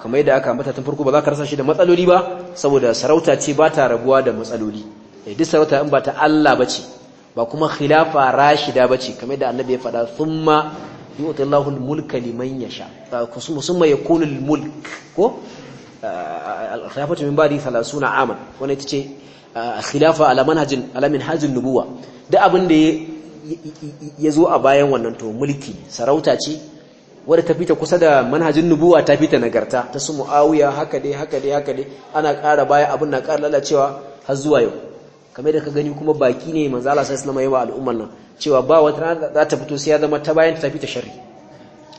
kamar yadda aka ambata tun farko ba za ka rasa shi da matsaloli ba saboda sarauta ce ba ta rabuwa da matsaloli eh, duk sarauta in ba ta Allah ba ce ba kuma khilafa rashida ba ce kamar yadda annabi ya faɗa thumma yu'ti Allahu al-mulka liman yasha musamma yakunu al-mulk ko uh, al-khilafatu min ba'di 30 aman wannan ita ce uh, khilafa ala manhajin ala minhajin nubuwa duk abin da ya zo a bayan wannan to mulki sarauta ce wadda ta fita kusa da manhajin nubuwa ta fita nagarta ta su muawiya haka dai haka dai haka dai ana ƙara baya abin na ƙara lalacewa har zuwa yau kamar da ka gani kuma baki ne manzo Allah sai sallama yawa al'umman nan cewa ba wata rana za ta fito sai ya zama ta bayan ta tafi ta sharri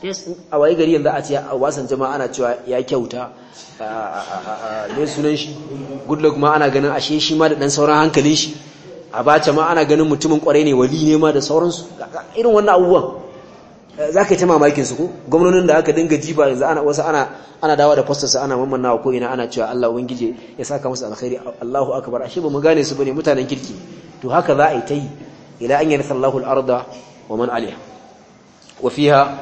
yes a waye gari yanzu a ce a wasan jama'a ana cewa ya kyauta ne sunan shi good luck ma ana ganin ashe shi ma da dan sauran hankalin shi a bace ma ana ganin mutumin kwarai ne wali ne ma da sauransu irin wannan abubuwan za ka yi ta mamakin su ko gwamnonin da aka dinga jiba yanzu ana wasu ana ana dawa da su ana mamanna ko ina ana cewa Allah ubangije ya saka musu alkhairi Allahu akbar ashe ba mu gane su bane mutanen kirki to haka za a yi ta yi ila an yarsa Allahu al-arda wa man aliya. wa fiha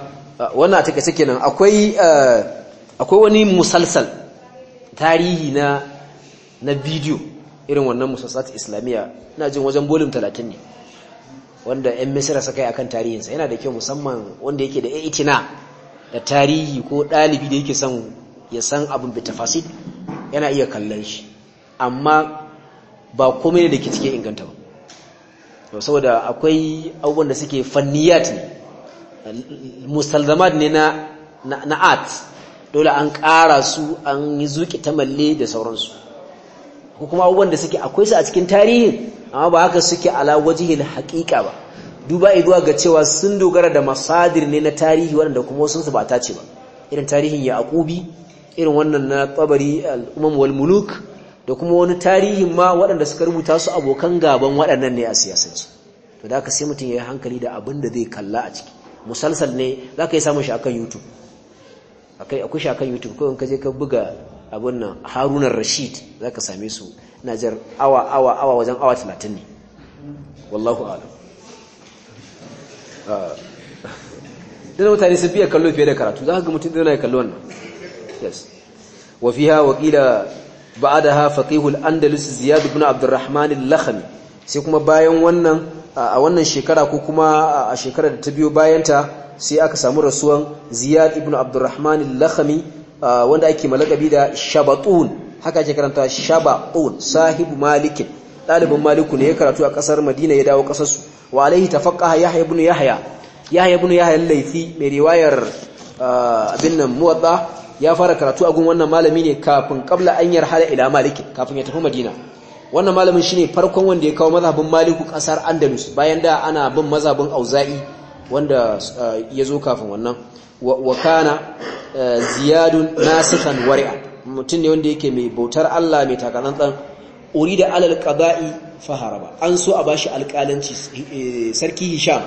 wannan take nan akwai eh, akwai wani musalsal tarihi na na bidiyo irin wannan musassat islamiyya ina jin wajen volume talatin ne wanda 'yan misira suka yi akan tarihinsa yana da kyau musamman wanda yake da itina da tarihi ko ɗalibi da yake son ya san abin bitafasid yana iya kallon shi amma ba komai ne da ke cike inganta ba saboda akwai abubuwan da suke fanniyat ne musalzamat ne na na art dole an ƙara su an yi zuƙi ta malle da sauransu ko kuma abubuwan da suke akwai su a cikin tarihin amma ba haka suke ala wajihil haqiqa ba duba iduwa ga cewa sun dogara da masadir ne na tarihi wanda kuma sun su ba ta ce ba irin tarihin yaqubi irin wannan na tabari al-umam muluk da kuma wani tarihin ma waɗanda suka rubuta su abokan gaban waɗannan ne a siyasance to da ka sai mutum yi hankali da abin da zai kalla a ciki musalsal ne za ka yi samun shi akan youtube akwai shi akan youtube ko in ka je ka buga abin nan harunan rashid za ka same su na jar awa awa awa wajen awa talatin ne wallahu alam ah. dana mutane sun fiye kallo fiye da karatu za ka ga mutum dana ya kallo wannan yes wa fiha wa qila ba'daha faqihul andalus ziyad ibn abdurrahman al sai kuma bayan wannan a wannan shekara ko kuma a shekarar da ta biyo bayanta sai aka samu rasuwan ziyad ibn abdurrahman lakhami wanda ake malakabi da shabatun haka ake karanta shabatun sahibu malikin ɗalibin maliku ne ya karatu a ƙasar madina ya dawo ƙasarsu wa alaihi ya haya ibn ya yahya ibn laifi mai riwayar abin nan muwadda ya fara karatu a gun wannan malami ne kafin ƙabla an hala ila maliki kafin ya tafi madina wannan malamin shine farkon wanda ya kawo mazhabin maliku ƙasar andalus bayan da ana bin mazhabin auza'i wanda ya zo kafin wannan wa kana eh, ziyadun nasikan wari'a mutum ne wanda yake mai bautar Allah mai takatsantsan uri da alal qada'i faharaba an so a bashi alƙalanci eh, sarki hisham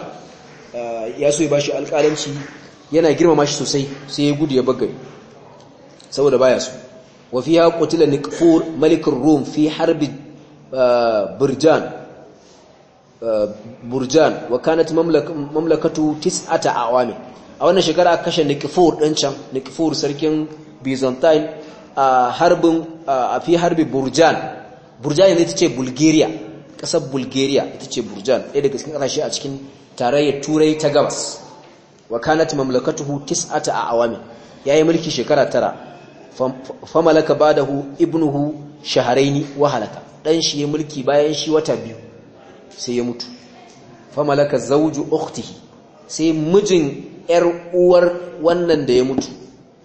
eh, ya so ya bashi alƙalanci yana girmama shi sosai sai ya gudu ya bagare saboda baya so wa fiha qutila nikfur malikur rum fi harbi burjan burjan wa kanat mamlakatu tis'ata awamin a wannan shekara aka kashe nikifur ɗin can nikifur sarkin byzantine a harbin a fi harbi burjan burjan ita ce bulgaria ƙasar bulgaria ita ce burjan ɗaya daga cikin ƙasashe a cikin tarayyar turai ta gabas wa kanat mamlakatuhu tis'ata a awami yayi mulki shekara tara fa malaka badahu ibnuhu shahraini wa halaka dan shi ya mulki bayan shi wata biyu sai ya mutu fa malaka zawju ukhtihi sai mijin ‘yar uwar wannan da ya mutu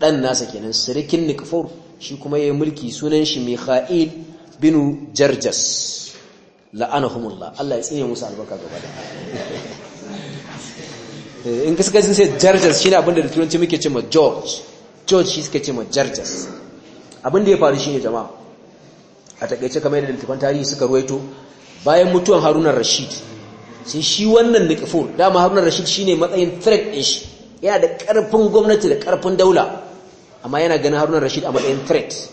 ɗan nasa kenan sirikin nikfor shi kuma ya mulki sunan shi mikhail binu jarjas la'anahumullah Allah ya tsine musu albarka gaba da eh, in kaska sun sai jarjas shi ne abinda da turanci muke cewa george george shi suka cewa jarjas abinda ya faru shine jama'a a takaice kamar yadda littafan tarihi suka ruwaito bayan mutuwan haruna rashid sai shi wannan nikfor dama haruna rashid shine matsayin threat ɗin shi yana da ƙarfin gwamnati da ƙarfin daula amma yana ganin haruna rashid a matsayin threat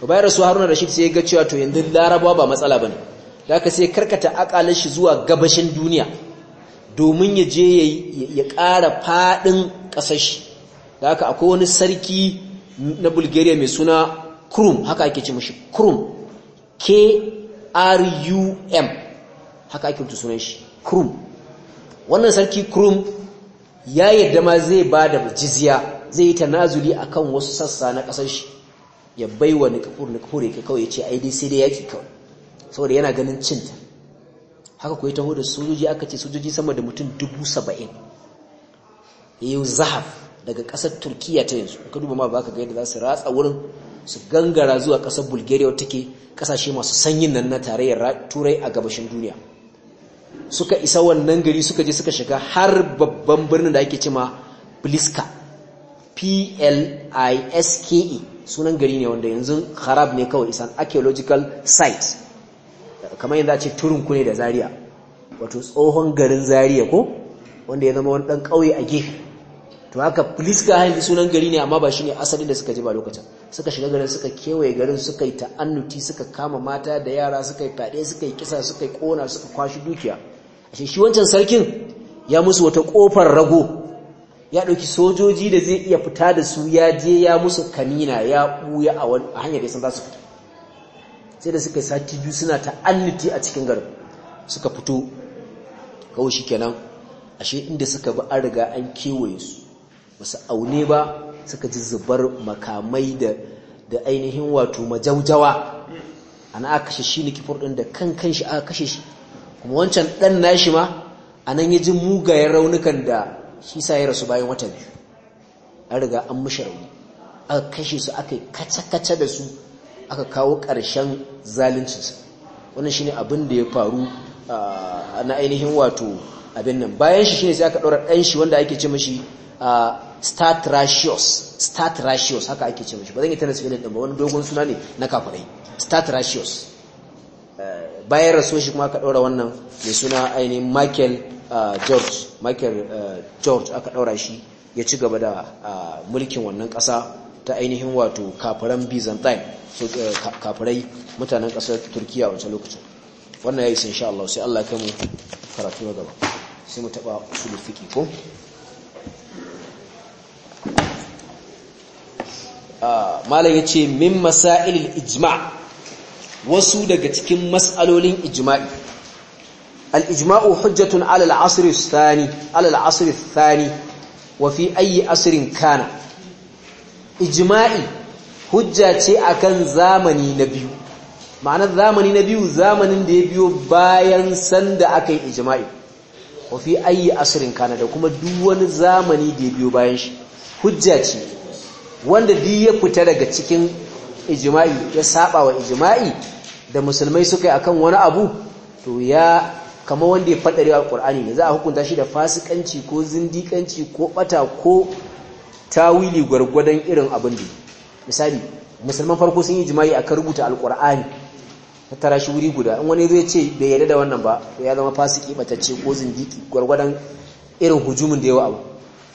to bayan rasu haruna rashid sai ya ga cewa to yanzu larabawa ba matsala ba ne da aka sai karkata akalin shi zuwa gabashin duniya domin ya je ya ƙara faɗin ƙasashe da haka akwai wani sarki na bulgaria mai suna krum haka ake ce mashi krum k-r-u-m haka ake rutu sunan shi krum wannan sarki krum ya yadda ma zai ba da jizya zai yi tanazuli kan wasu sassa na kasar shi ya baiwa nikfur nikfur yake kawai ce ai dai sai dai yaki kawai saboda yana ganin cinta haka kuwa taho da sojoji aka ce sojoji sama da mutum dubu saba'in ya yi zahaf daga kasar turkiya ta yanzu ka duba ma ba ga gaida za su ratsa wurin su gangara zuwa kasar bulgaria wata ke kasashe masu sanyin nan na tarayyar turai a gabashin duniya suka isa wannan gari suka je suka shiga har babban birnin da ake cima Bliska P-L-I-S-K-E sunan gari ne wanda yanzu harab ne kawai isan archaeological site kamar yanzu a ce turinku ne da Zariya, wato tsohon garin Zariya ko wanda ya zama wani dan ƙauye a gefe to haka Bliska yanzu sunan gari ne amma ba shi ne asali da suka ji ba lokacin suka shiga garin suka kewaye garin suka yi ta'annuti suka kama mata da yara suka yi fyaɗe suka yi kisa suka yi ƙona suka kwashi dukiya shi shi wancan sarkin ya musu wata kofar rago ya dauki sojoji da zai iya fita da su ya je ya musu kanina ya buya a wani hanyar da za su fita sai da suka sati biyu suna ta'anniti a cikin garin suka fito kawai kenan ashe inda suka bi an riga an kewaye su basu aune ba suka ji zubar makamai da da ainihin wato majaujawa ana aka kashe shi ne din da kan kanshi aka kashe shi kuma wancan ɗan nashi ma a nan yi jin mugayen raunukan da shi sa ya rasu bayan wata biyu an riga an mushi rauni aka kashe su aka yi kaca da su aka kawo ƙarshen zaluncinsu wannan ne abin da ya faru na ainihin wato abin nan bayan shi shi ne sai aka ɗora ɗan shi wanda ake ce mashi statratios statratios haka ake ce mashi ba zan yi tana spelling ɗin ba wani dogon suna ne na kafirai statratios bayan rasu shi kuma aka ɗaura wannan mai suna ainihin michael uh, george michael uh, george aka ɗaura shi ya ci gaba da uh, mulkin wannan ƙasa ta ainihin wato kafiran byzantine so kafirai mutanen ƙasar turkiya wancan lokacin wannan ya yi insha Allah sai Allah kai mu karatu na gaba sai mu taɓa usulul fiqi ko malam yace min masailil ijma' wasu daga cikin mas'alolin ijma'i al-ijma'u hujjatun ala al-asr ath-thani ala al-asr ath-thani wa fi ayi asrin kana ijma'i hujja ce akan zamani na biyu ma'anar zamani na biyu zamanin da ya biyo bayan sanda aka yi ijma'i wa fi ayi asrin kana da kuma duk wani zamani da ya biyo bayan shi hujja ce wanda duk ya fita daga cikin ijma'i ya saba wa ijma'i da musulmai suka yi akan wani abu to ya kama wanda ya a alkur'ani ne za a hukunta shi da fasikanci ko zindikanci ko bata ko tawili gwargwadon irin abin da misali musulman farko sun yi jima'i akan rubuta alkur'ani ta tara shi wuri guda in wani zai ce bai yarda da wannan ba ya zama fasiki batacce ko zindiki gwargwadon irin hujumin da yawa abu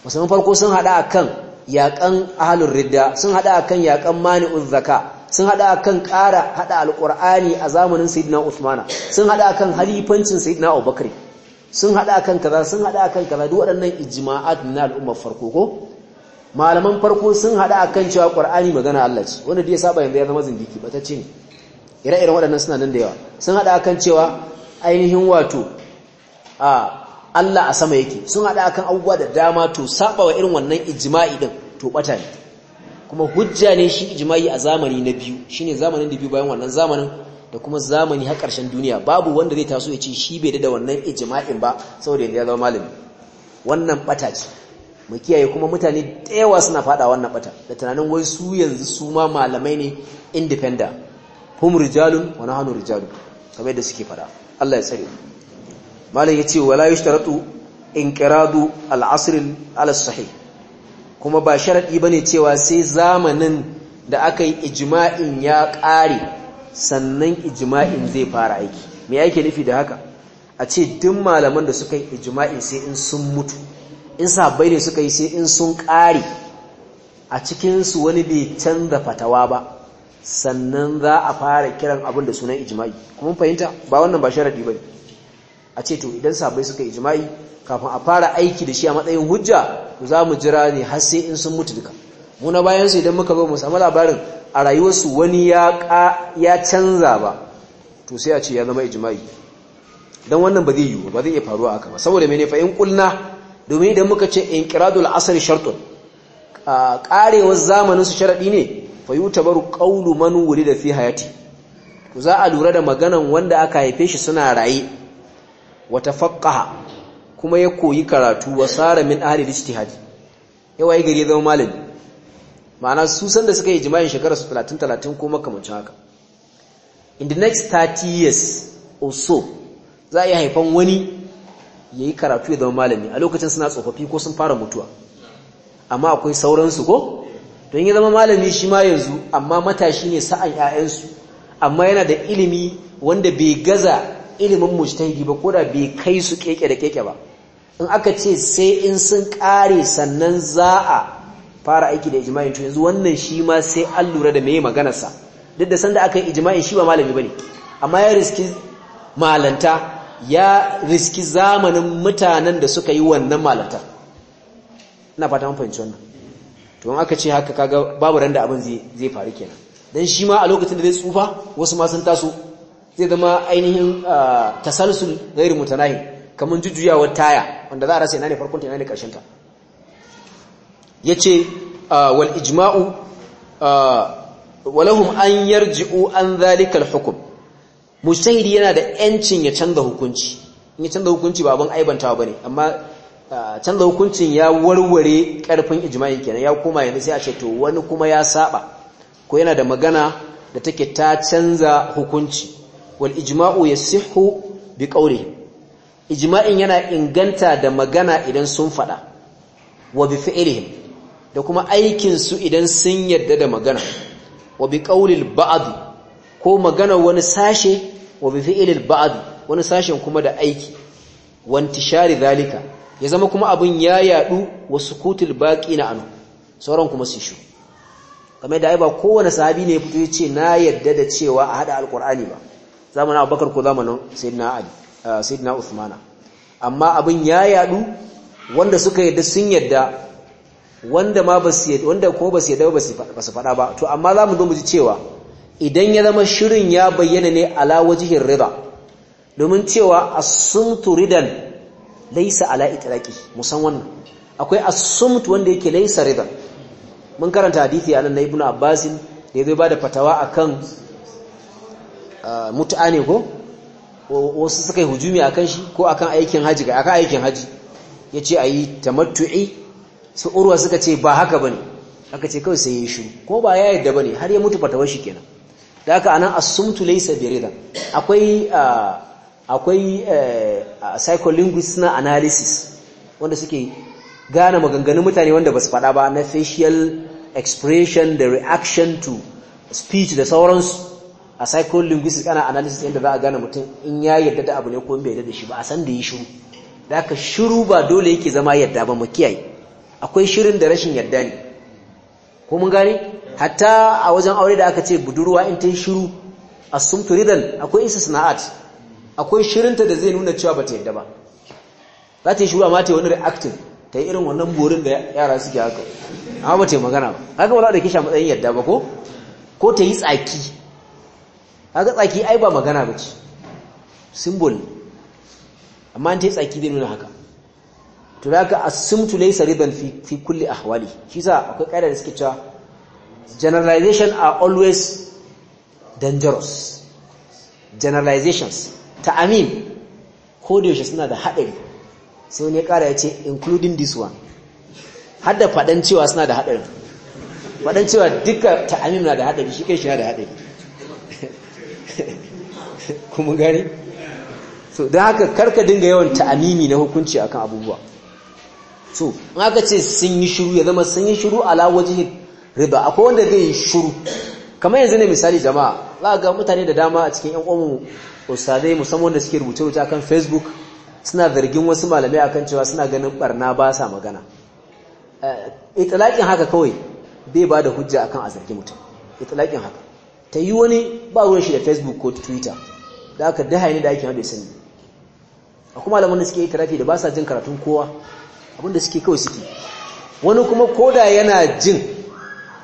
musulman farko sun haɗa akan yaƙan ahalun ridda sun haɗa akan yaƙan mani'un zaka sun haɗa akan ƙara haɗa alƙur'ani a zamanin sayyidina usmana sun haɗa akan halifancin sayyidina abubakar sun haɗa akan kaza sun haɗa akan kaza duk waɗannan ijma'at na al'ummar farko ko malaman farko sun haɗa akan cewa ƙur'ani magana Allah ce wanda da ya saba yanzu ya zama zindiki ta ce ire-iren waɗannan suna nan da yawa sun haɗa akan cewa ainihin wato a Allah a sama yake sun hada akan abubuwa da dama to saba wa irin wannan ijma'i din to bata ne kuma hujja ne shi ijma'i a zamani na biyu shine zamanin da biyu bayan wannan zamanin da kuma zamani har karshen duniya babu wanda zai taso ya ce shi bai da da wannan ijma'in ba saboda ya zama malami wannan bata ce mu kiyaye kuma mutane da yawa suna fada wannan bata da tunanin wai su yanzu su ma malamai ne independent hum rijalun wa nahnu rijalun kamar yadda suke fada Allah ya tsare malam yace wala yushtaratu inqiradu al-asr al-sahih kuma ba sharadi bane cewa sai zamanin da aka yi ijima'in ya ƙare sannan ijma'in zai fara aiki me yake nufi da haka a ce duk malaman da suka yi ijma'i sai in sun mutu in sabbai ne suka yi sai in sun ƙare a cikin su wani bai canza fatawa ba sannan za a fara kiran abin da sunan ijma'i kuma fahimta ba wannan ba sharadi bane a ce to idan sabai suka yi jima'i kafin a fara aiki da shi a matsayin hujja za mu jira ne har sai in sun mutu duka mu na bayan su idan muka zo mu samu labarin a rayuwarsu wani ya ya canza ba to sai a ce ya zama ijma'i dan wannan ba zai yiwu ba zai iya faruwa haka ba saboda mene fa in kulna domin idan muka ce inqiradul asr shartun karewar zamanin su sharadi ne fa yutabaru qawlu man wulida fi hayati to za a lura da maganan wanda aka haife shi suna raye wata faƙaha kuma ya koyi karatu wa tsara min ahli ijtihadi yawa ya gari zama malami ma'ana su san da suka yi jima'in shekarar su 30 30 ko makamancin haka in the next 30 years or so za a yi haifan wani ya yi karatu ya zama malami a lokacin suna tsofaffi ko sun fara mutuwa amma akwai sauransu ko don ya zama malami shi ma yanzu amma matashi ne sa'an 'ya'yansu amma yana da ilimi wanda bai gaza ilimin mujtahidi ba koda bai kai su keke da keke ba in aka ce sai in sun kare sannan za a fara aiki da ijma'in to yanzu wannan shi ma sai an lura da meye maganarsa duk da sanda aka yi ijma'in shi ba malami bane amma ya riski malanta ya riski zamanin mutanen da suka yi wannan malanta ina fata mun fahimci wannan to in aka ce haka kaga babu randa abin zai faru kenan dan shi ma a lokacin da zai tsufa wasu ma sun taso zai zama ainihin ah, tasalsul ghairu mutanahi kaman jujjuyawar taya wanda za a rasa ina ne farkon ta ina ne karshen ta yace ah, wal ijma'u ah, walahum an yarji'u an zalikal hukum mushahidi yana da yancin ya canza hukunci in ya canza hukunci ba abin ba ne amma canza hukuncin ya warware karfin ijma'i kenan ya koma yanzu sai a ce to wani kuma ya saba ko yana da magana da take ta canza hukunci wal ya yasihhu bi qawlihi ijma'in yana inganta da magana idan sun faɗa wa bi fi'lihim da kuma aikin su idan sun yadda da magana wa bi qawlil ko magana wani sashe wa bi fi'lil ba'adu wani sashen kuma da aiki wanti shari zalika ya zama kuma abin ya yadu wa baƙi na anhu sauran kuma su shu kamar da ai ba kowane sahabi ne ya fito ya ce na yadda da cewa a haɗa Alƙur'ani ba zamanin abubakar ko zamanin sayyidina ali eh, sayyidina usmana amma abin ya yadu wanda suka yadda sun yadda wanda ma ba su yadda wanda ko ba su yadda ba su faɗa ba to amma za mu zo mu ji cewa idan ya zama shirin ya bayyana ne ala wajihin rida domin cewa asumtu ridan laisa ala itlaqi musan wannan akwai asumtu wanda yake laisa ridan mun karanta hadisi anan na ibnu abbasin da ya zo ba da fatawa akan mutu'a ne ko wasu suka yi hujumi akan shi ko akan aikin haji ga aka aikin haji yace ayi tamattu'i su urwa suka ce ba haka bane aka ce kawai sai ya shiru ko ba ya yadda bane har ya mutu fatawar shi kenan da haka anan asumtu laysa biridan akwai akwai e, psycholinguist na analysis wanda suke gane maganganun mutane wanda ba su faɗa ba na facial expression da reaction to speech da sauransu a psycholinguistics ana analysis yadda za a gane mutum in ya yarda da abu ne ko bai yarda da shi ba a san da yi shiru da aka shiru ba dole yake zama yarda ba mu kiyaye akwai shirin da rashin yarda ne ko mun gane hatta a wajen aure da aka ce budurwa in ta yi shiru sun turidan akwai isa sana'at. akwai shirinta da zai nuna cewa bata yarda ba za ta yi shiru amma ta yi wani reactive ta yi irin wannan borin da yara suke haka amma ba ta yi magana ba haka ba za da kisha matsayin yadda ba ko ko ta yi tsaki haka tsaki ai ba magana ba ce simbol amma ta ta tsaki zai nuna haka to haka tule laysa ridan fi fi kulli ahwali shi sa akwai kaida da suke cewa generalization are always dangerous generalizations amin ko da yaushe suna da hadari sai wani ya kara ya ce including this one har da cewa suna da hadari fadan cewa duka ta'amim na da hadari shi kai shi na da hadari kuma gani so don haka karka dinga yawan ta'amimi na hukunci akan abubuwa so in aka ce sun yi shiru ya zama sun yi shiru ala waje riba akwai wanda zai yi shiru kamar yanzu ne misali jama'a za ga mutane da dama a cikin 'yan uwanmu ustadai musamman da suke rubuce-rubuce akan facebook suna zargin wasu malamai akan cewa suna ganin barna ba sa magana eh, itilakin haka kawai bai ba da hujja akan a zargi mutum itilakin haka ta yi wani ba ruwan shi da facebook ko twitter da aka daha ne da ake da sani a kuma alamun da suke yi tarafi da ba sa jin karatun kowa abinda suke kawai suke wani kuma koda yana jin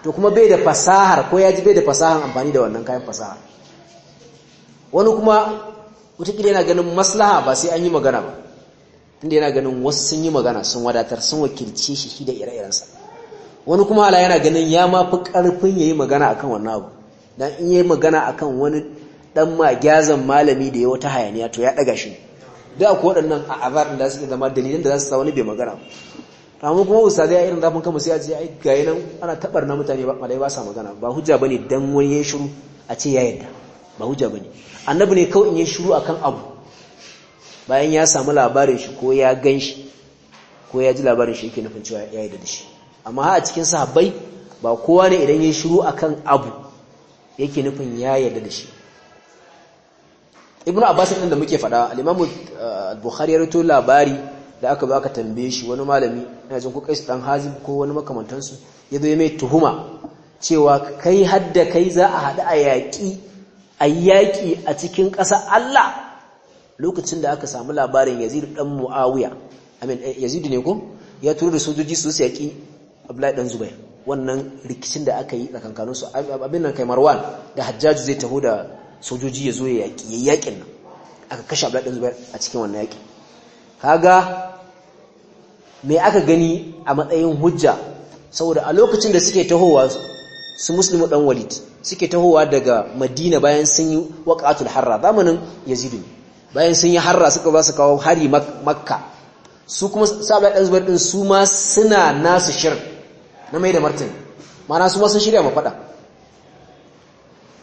to kuma bai da fasahar ko ya ji bai da fasahar amfani da wannan kayan fasahar wani kuma wataƙila yana ganin maslaha ba sai an yi magana ba tunda yana ganin wasu sun yi magana sun wadatar sun wakilce shi shi da ire-irensa wani kuma ala yana ganin ya ma fi ƙarfin ya yi magana akan wannan abu dan in yi magana akan wani dan magyazan malami da ya wata hayaniya to ya daga shi da ko waɗannan a azar da suke zama dalilan da za su sa wani bai magana amma kuma ustadai a irin zafin kanmu sai a ce ai gayi nan ana tabar na mutane malai ba sa magana ba hujja bane dan wani ya shiru a ce ya yadda ba hujja bane annabi ne kawai in ya shiru akan abu bayan ya samu labarin shi ko ya gan shi ko ya ji labarin shi yake nufin cewa ya yadda da shi amma a cikin sahabbai ba kowa ne idan ya shiru akan abu yake nufin ya yarda da shi ibnu abbas din da muke fada al-imamu uh, bukhari ya rawaito labari da aka baka tambaye shi wani malami ina jin ku kai dan hazim ko wani makamantansu ya zo ya mai tuhuma cewa kai hadda kai za a haɗu a yaƙi a cikin ƙasa Allah lokacin da aka samu labarin Yazid dan Muawiya amin eh, Yazid ne ko ya turo da sojoji su yaki Abdullahi dan Zubair wannan rikicin da aka yi tsakankanin su abin nan kai marwan da hajjaji zai taho da sojoji ya zo ya yaƙi yaƙin nan aka kashe abu abdullahi zubar a cikin wannan yaƙi kaga me aka gani a matsayin hujja saboda a lokacin da suke tahowa su muslimu ɗan walid suke tahowa daga madina bayan sun yi waƙatul harra zamanin yazidu bayan sun yi harra suka ba su kawo hari makka su kuma sabla dan zubar ɗin su ma suna nasu shirin. na mai da martani mana su sun shirya mafaɗa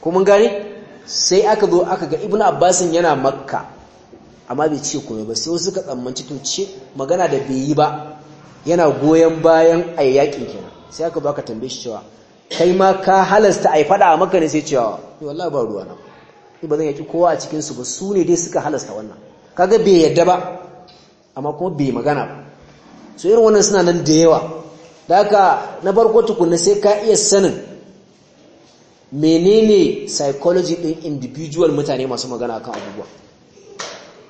Kuma mun sai aka zo aka ga ibnu abbasin yana makka amma bai ce komai ba sai wasu suka tsammanci to ce magana da bai yi ba yana goyon bayan a yaƙin kina. sai aka baka tambaye shi cewa kai ma ka halasta a yi faɗa a maka ne sai cewa wallah ba ruwa na ba zan yaki kowa a cikinsu ba su ne dai suka halasta wannan kaga bai yadda ba amma kuma bai magana ba so irin wannan suna nan da yawa haka na farko tukunna sai ka iya sanin menene psychology din individual mutane masu magana kan abubuwa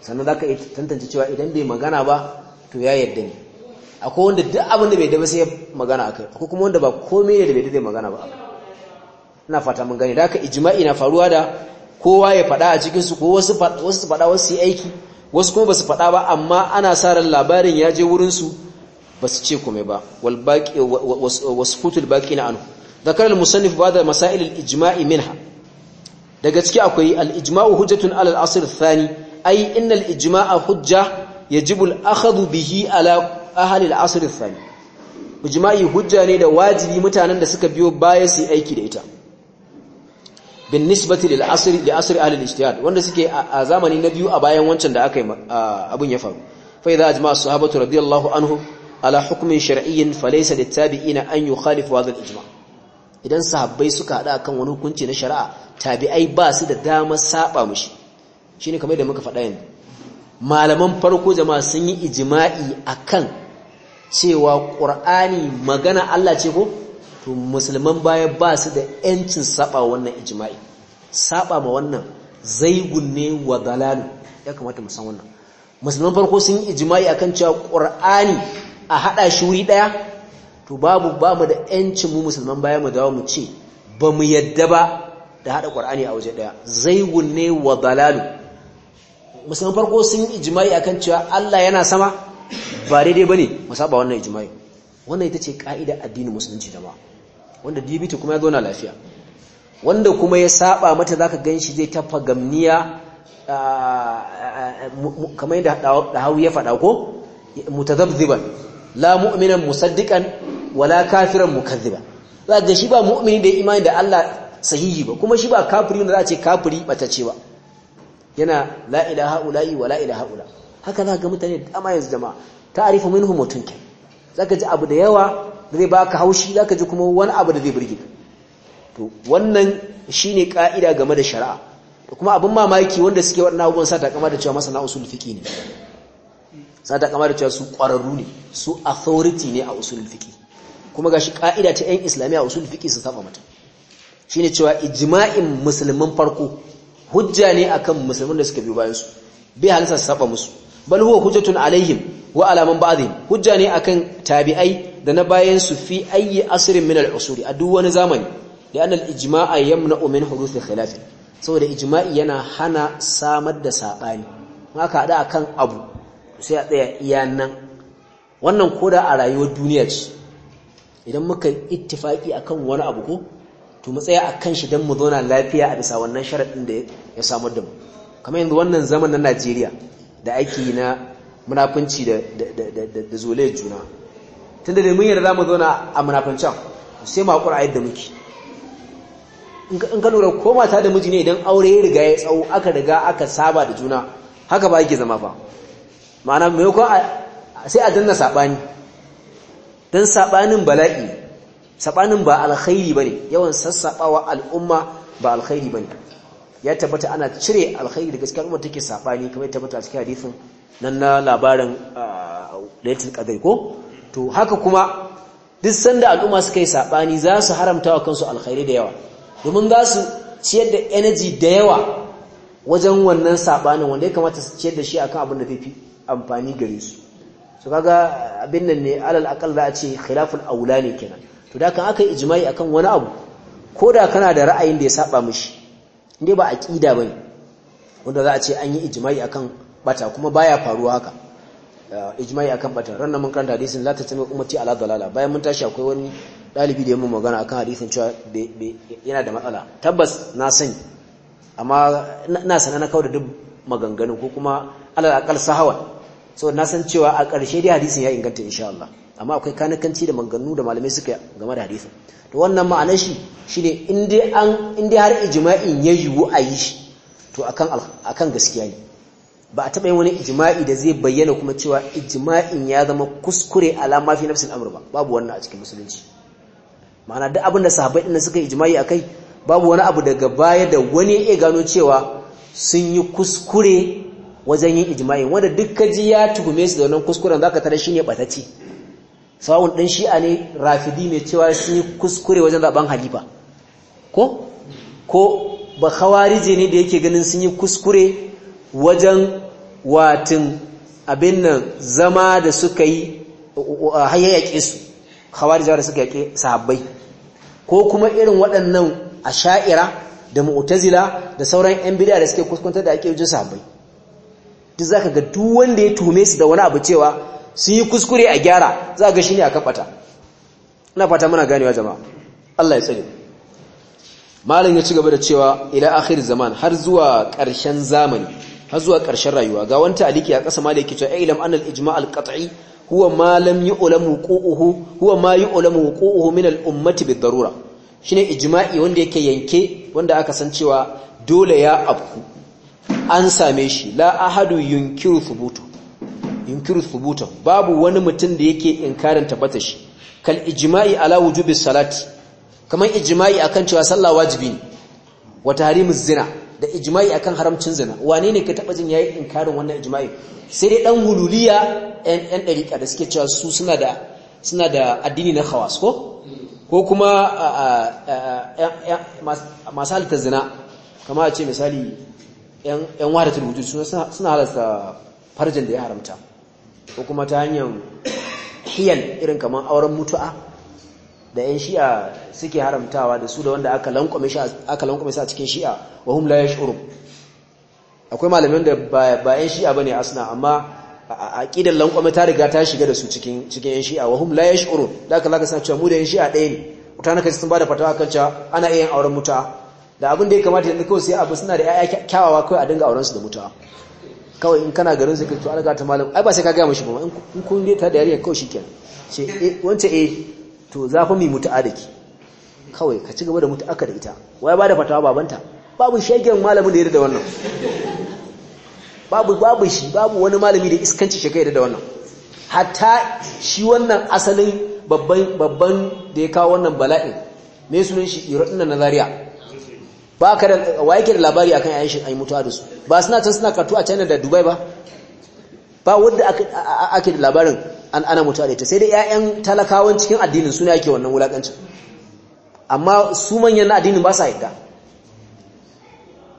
sannan da ka iya tantance cewa idan bai magana ba to ya yarda ne akwai wanda duk abin da bai daba sai magana akai akwai kuma wanda ba komai ne da bai dade magana ba ina fata mun gane da haka ijma'i na faruwa da kowa ya faɗa a cikin su ko wasu wasu su faɗa wasu yi aiki wasu kuma ba su faɗa ba amma ana sa ran labarin ya je wurin su basu ce kome ba wal baqi wasfutul baqi na anhu ذكر bada بعض مسائل min ha daga ciki akwai al-ijma'u hujjatun 'ala al-asr ath ay inna al-ijma'a hujja yajibu al-akhdhu bihi 'ala ahli al-asr ath ijma'i hujja ne da wajibi mutanen da suka biyo baya su aiki da ita bin nisbati lil asr li asr ahli al-ijtihad wanda suke a zamani na biyu a bayan wancan da aka yi abun ya faru fa idza ajma'a sahabatu radiyallahu anhum ala hukmin shar'iyyin da littabi'ina an yukhalifu hadha ga ijma idan sahabbai suka hada akan wani hukunci na shari'a tabi'ai ba su da dama saba mushi shine kamar da muka faɗa yanzu malaman farko jama'a sun yi ijma'i akan cewa qur'ani magana Allah ce ko to musulman baya ba su da yancin saba wannan ijma'i saba ma wannan zaigun ne wa dalalu ya kamata mu san wannan musulman farko sun yi ijima'i akan cewa qur'ani a haɗa shi wuri ɗaya to babu ba mu da ‘yancin mu musulman baya mu dawo mu ce ba mu yadda ba da haɗa ƙwar'ani a waje ɗaya zaigun ne wa dalalu musulman farko sun ijimai akan cewa Allah yana sama ba daidai ba ne mu saba wannan ijimai wannan ita ce ƙa'ida addinin musulunci da ba. wanda dibiti kuma ya zauna lafiya wanda kuma ya saba mata zaka gan shi zai tafa gamniya kamar yadda hawu ya faɗa ko mutazabziban la mu'minan musaddiqan wala kafiran mukaththiba za ga shi ba mu'mini da imani da Allah sahihi ba kuma shi ba kafiri da za a ce kafiri ce ba yana la ilaha ula'i wa ilaha ula haka za ga mutane da amma yanzu jama'a ta'rifu minhum mutunkin zaka ji abu da yawa zai baka haushi zaka ji kuma wani abu da zai burge to wannan shine ka'ida game da shari'a da kuma abin mamaki wanda suke wannan abubuwan sa ta kama da cewa masana usul fiqi ne Sata kamar kama da cewa su ƙwararru ne su authority ne a usulul fiqi kuma gashi ka'ida ta 'yan islamiyya a usulul fiqi su saba mata shine cewa ijima'in musulmin farko hujja ne akan musulmin da suka biyo bayan su bai halisa su saba musu bal huwa hujjatun alaihim wa ala man hujja ne akan tabi'ai da na bayan su fi ayyi asirin min al-usuri a duk wani zamani lian ijima'a ijmaa yamna'u min huduth khilaf saboda ijima'i yana hana samar da sabani haka hada akan abu sai a tsaya iya nan wannan koda a rayuwar duniya ce idan muka ittifaki akan wani abu ko to mu tsaya akan shi dan mu zauna lafiya a bisa wannan sharadin da ya samu da mu kamar yanzu wannan zaman na Najeriya da ake yi na munafunci da da zolai juna tunda da mun yarda mu zauna a munafuncan sai mu hakura yadda muke in ka lura ko mata da miji ne idan aure ya riga ya tsawo aka riga aka saba da juna haka ba yake zama ba ma'ana maimakon sai a danna saɓani don saɓanin bala'i saɓanin ba alkhairi ba ne yawan sassaɓawa al'umma ba alkhairi ba ne ya tabbata ana cire alkhairi daga cikin al'umma take saɓani kamar ya tabbata a cikin hadithin nan na labarin latin kadai ko to haka kuma duk sanda al'umma suka yi saɓani za su haramta wa kansu alkhairi da yawa domin za su ciyar da energy da yawa wajen wannan saɓanin wanda ya kamata su ciyar da shi akan abin da fi amfani gare su su kaga abin nan ne alal akal za a ce khilaful aula ne kenan to da kan aka yi ijma'i akan wani abu ko da kana da ra'ayin da ya saba mishi inda ba aqida bane wanda za a ce an yi ijma'i akan bata kuma baya faruwa haka uh, ijma'i akan bata ranar mun karanta hadisin ta tatami ummati ala dalala bayan mun tashi akwai wani dalibi da ya mun magana akan hadisin cewa yana da matsala tabbas na sani amma ina sanana kawai da duk maganganun ko kuma alal sahawa so na san cewa a ƙarshe dai hadisin ya inganta insha Allah amma akwai kanakanci da maganganu da malamai suka game da hadisin to wannan ma'anar shi shine in in har ijma'in ya yiwu a yi shi to akan akan gaskiya ne ba a taɓa yin wani ijma'i da zai bayyana kuma cewa ijma'in ya zama kuskure alama fi nafsin amr ba babu wannan a cikin musulunci ma'ana duk abin da sahabbai din suka ijma'i akai babu wani abu daga baya da wani ya gano cewa sun yi kuskure wajen yin ijma'i wanda duk kaji ya tuhume su da wannan kuskuren ka tare bataci batacce sawun shi shi'a ne rafidi mai cewa sun yi kuskure wajen zaɓen halifa ko ko ba khawarije ne da yake ganin sun yi kuskure wajen watin abin nan zama da suka yi hayayyake su khawarijawa da suka yake sahabbai ko kuma irin waɗannan a sha'ira. da mu'tazila da sauran yan bid'a da suke kuskuntar da ake aqidojin sahabbai duk zaka ga duk wanda ya tume su da wani abu cewa sun yi kuskure a gyara za ga shine a kafata ina fata muna ganewa jama'a Allah ya tsare malam ya ci gaba da cewa ila akhir zaman har zuwa ƙarshen zamani har zuwa ƙarshen rayuwa ga wanta aliki a kasa malam yake cewa ilam anal al-ijma' al-qat'i huwa ma lam yu'lam wuqu'uhu huwa ma yu'lam wuqu'uhu min al-ummati bid-darura shine ijma'i wanda yake yanke wanda aka san cewa dole ya abu an same shi la ahadu yunkiru thubutu yunkiru thubutu babu wani mutum da yake inkarin tabbata shi kal ijma'i ala wujubi salati kamar ijma'i akan cewa sallah wajibi ne wa tahrimu zina da ijma'i akan haramcin zina wane ne ka taba jin yayi inkarin wannan ijma'i sai dai dan hululiya ɗan ɗan da suke cewa su suna da suna da addini na khawas ko ko kuma masu halitta zina kama a ce misali yan wada rubutu suna halasta farjin da ya haramta ko kuma ta hanyar hiyan, irin kamar auren mutu'a da yan shi'a suke haramtawa da su da wanda aka lankwame sa cikin shi'a wa hum la yash'urun akwai malamin da ba yan shi'a ba ne a suna amma aqidar lankwame ta riga ta shiga da su cikin cikin yan shi'a wahum la yash'urun da kaza ka san cewa mu da yan shi'a ɗaya ne mutane kace sun bada fatawa kan cewa ana iya yin auren muta da abin da ya kamata yanzu kawai sai abu suna da ƴaƴa kyawawa kawai a dinga auren su da muta kawai in kana garin sai ka to an ta malam ai ba sai ka ga mishi ba in kun dai ta da yarinya kawai shikenan ce eh wance eh to za fa muta da ki kawai ka ci gaba da muta aka da ita wai bada fatawa babanta babu shegen malamin da ya da wannan babu babu shi babu wani malami da iskanci shi kai da wannan hatta shi wannan asalin babban babban da ya kawo wannan bala'in me sunan shi irin na Zaria ba ka da wa yake da labari akan ayin shi mutuwa da su ba suna can suna kartu a China da Dubai ba ba wanda ake da labarin an ana mutuwa da ita sai dai ƴaƴan talakawan cikin addinin suna yake wannan wulakancin amma su manyan na addinin ba sa yadda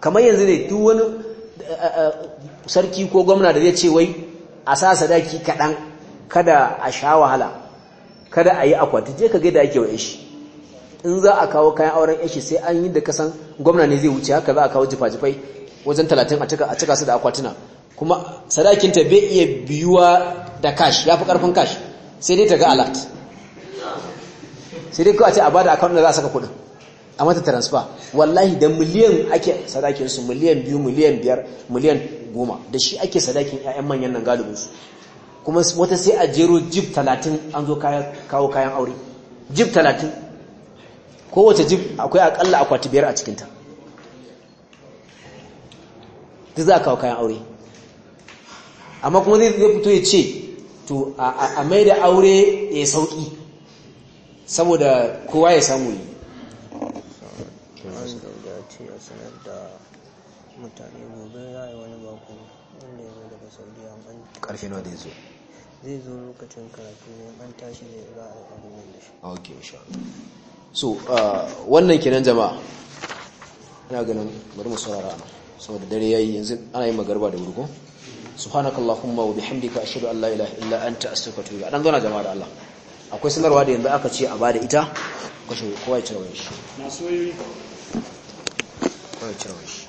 kamar yanzu ne duk wani sarki ko gwamna da zai ce wai a sa sadaki kaɗan kada a sha wahala kada a yi akwati je ka gaida ake wa yashi in za a kawo kayan auren yashi sai an yi da kasan gwamna ne zai wuce haka za a kawo jifa-jifai wajen talatin a cika su da akwatuna kuma sadakinta bai iya biyuwa da kash ya fi ƙarfin kash sai dai ta ga alert sai dai kawai ce a bada akawun da za a saka kudin a mata transfer wallahi da miliyan ake sadakinsu miliyan biyu miliyan biyar miliyan goma da shi ake sadakin 'ya'yan manyan nan galibinsu kuma wata sai a jero jib talatin an zo kawo kayan aure jib talatin kowace jib akwai akalla akwati biyar a cikinta ta za a kawo kayan aure amma kuma zai fito ya ce to a mai da aure ya sauƙi saboda kowa ya samu yi mutane gobe za a yi wani bako wanda ya zo daga saudiya an karfe nawa zai zo zai zo lokacin karatu ne an tashi ne za a yi abubuwan da shi ok insha so uh, wannan kenan jama'a ina ganin bari mu saurara saboda dare yayi yanzu ana yin magarba da wurgo subhanakallahumma wa bihamdika ashhadu an la ilaha illa anta astaghfiruka wa atubu ilaik dan zauna jama'a da Allah akwai sanarwa da yanzu aka ce a bada ita kashe kowa ya cire wani shi na soyoyi kowa ya cire wani shi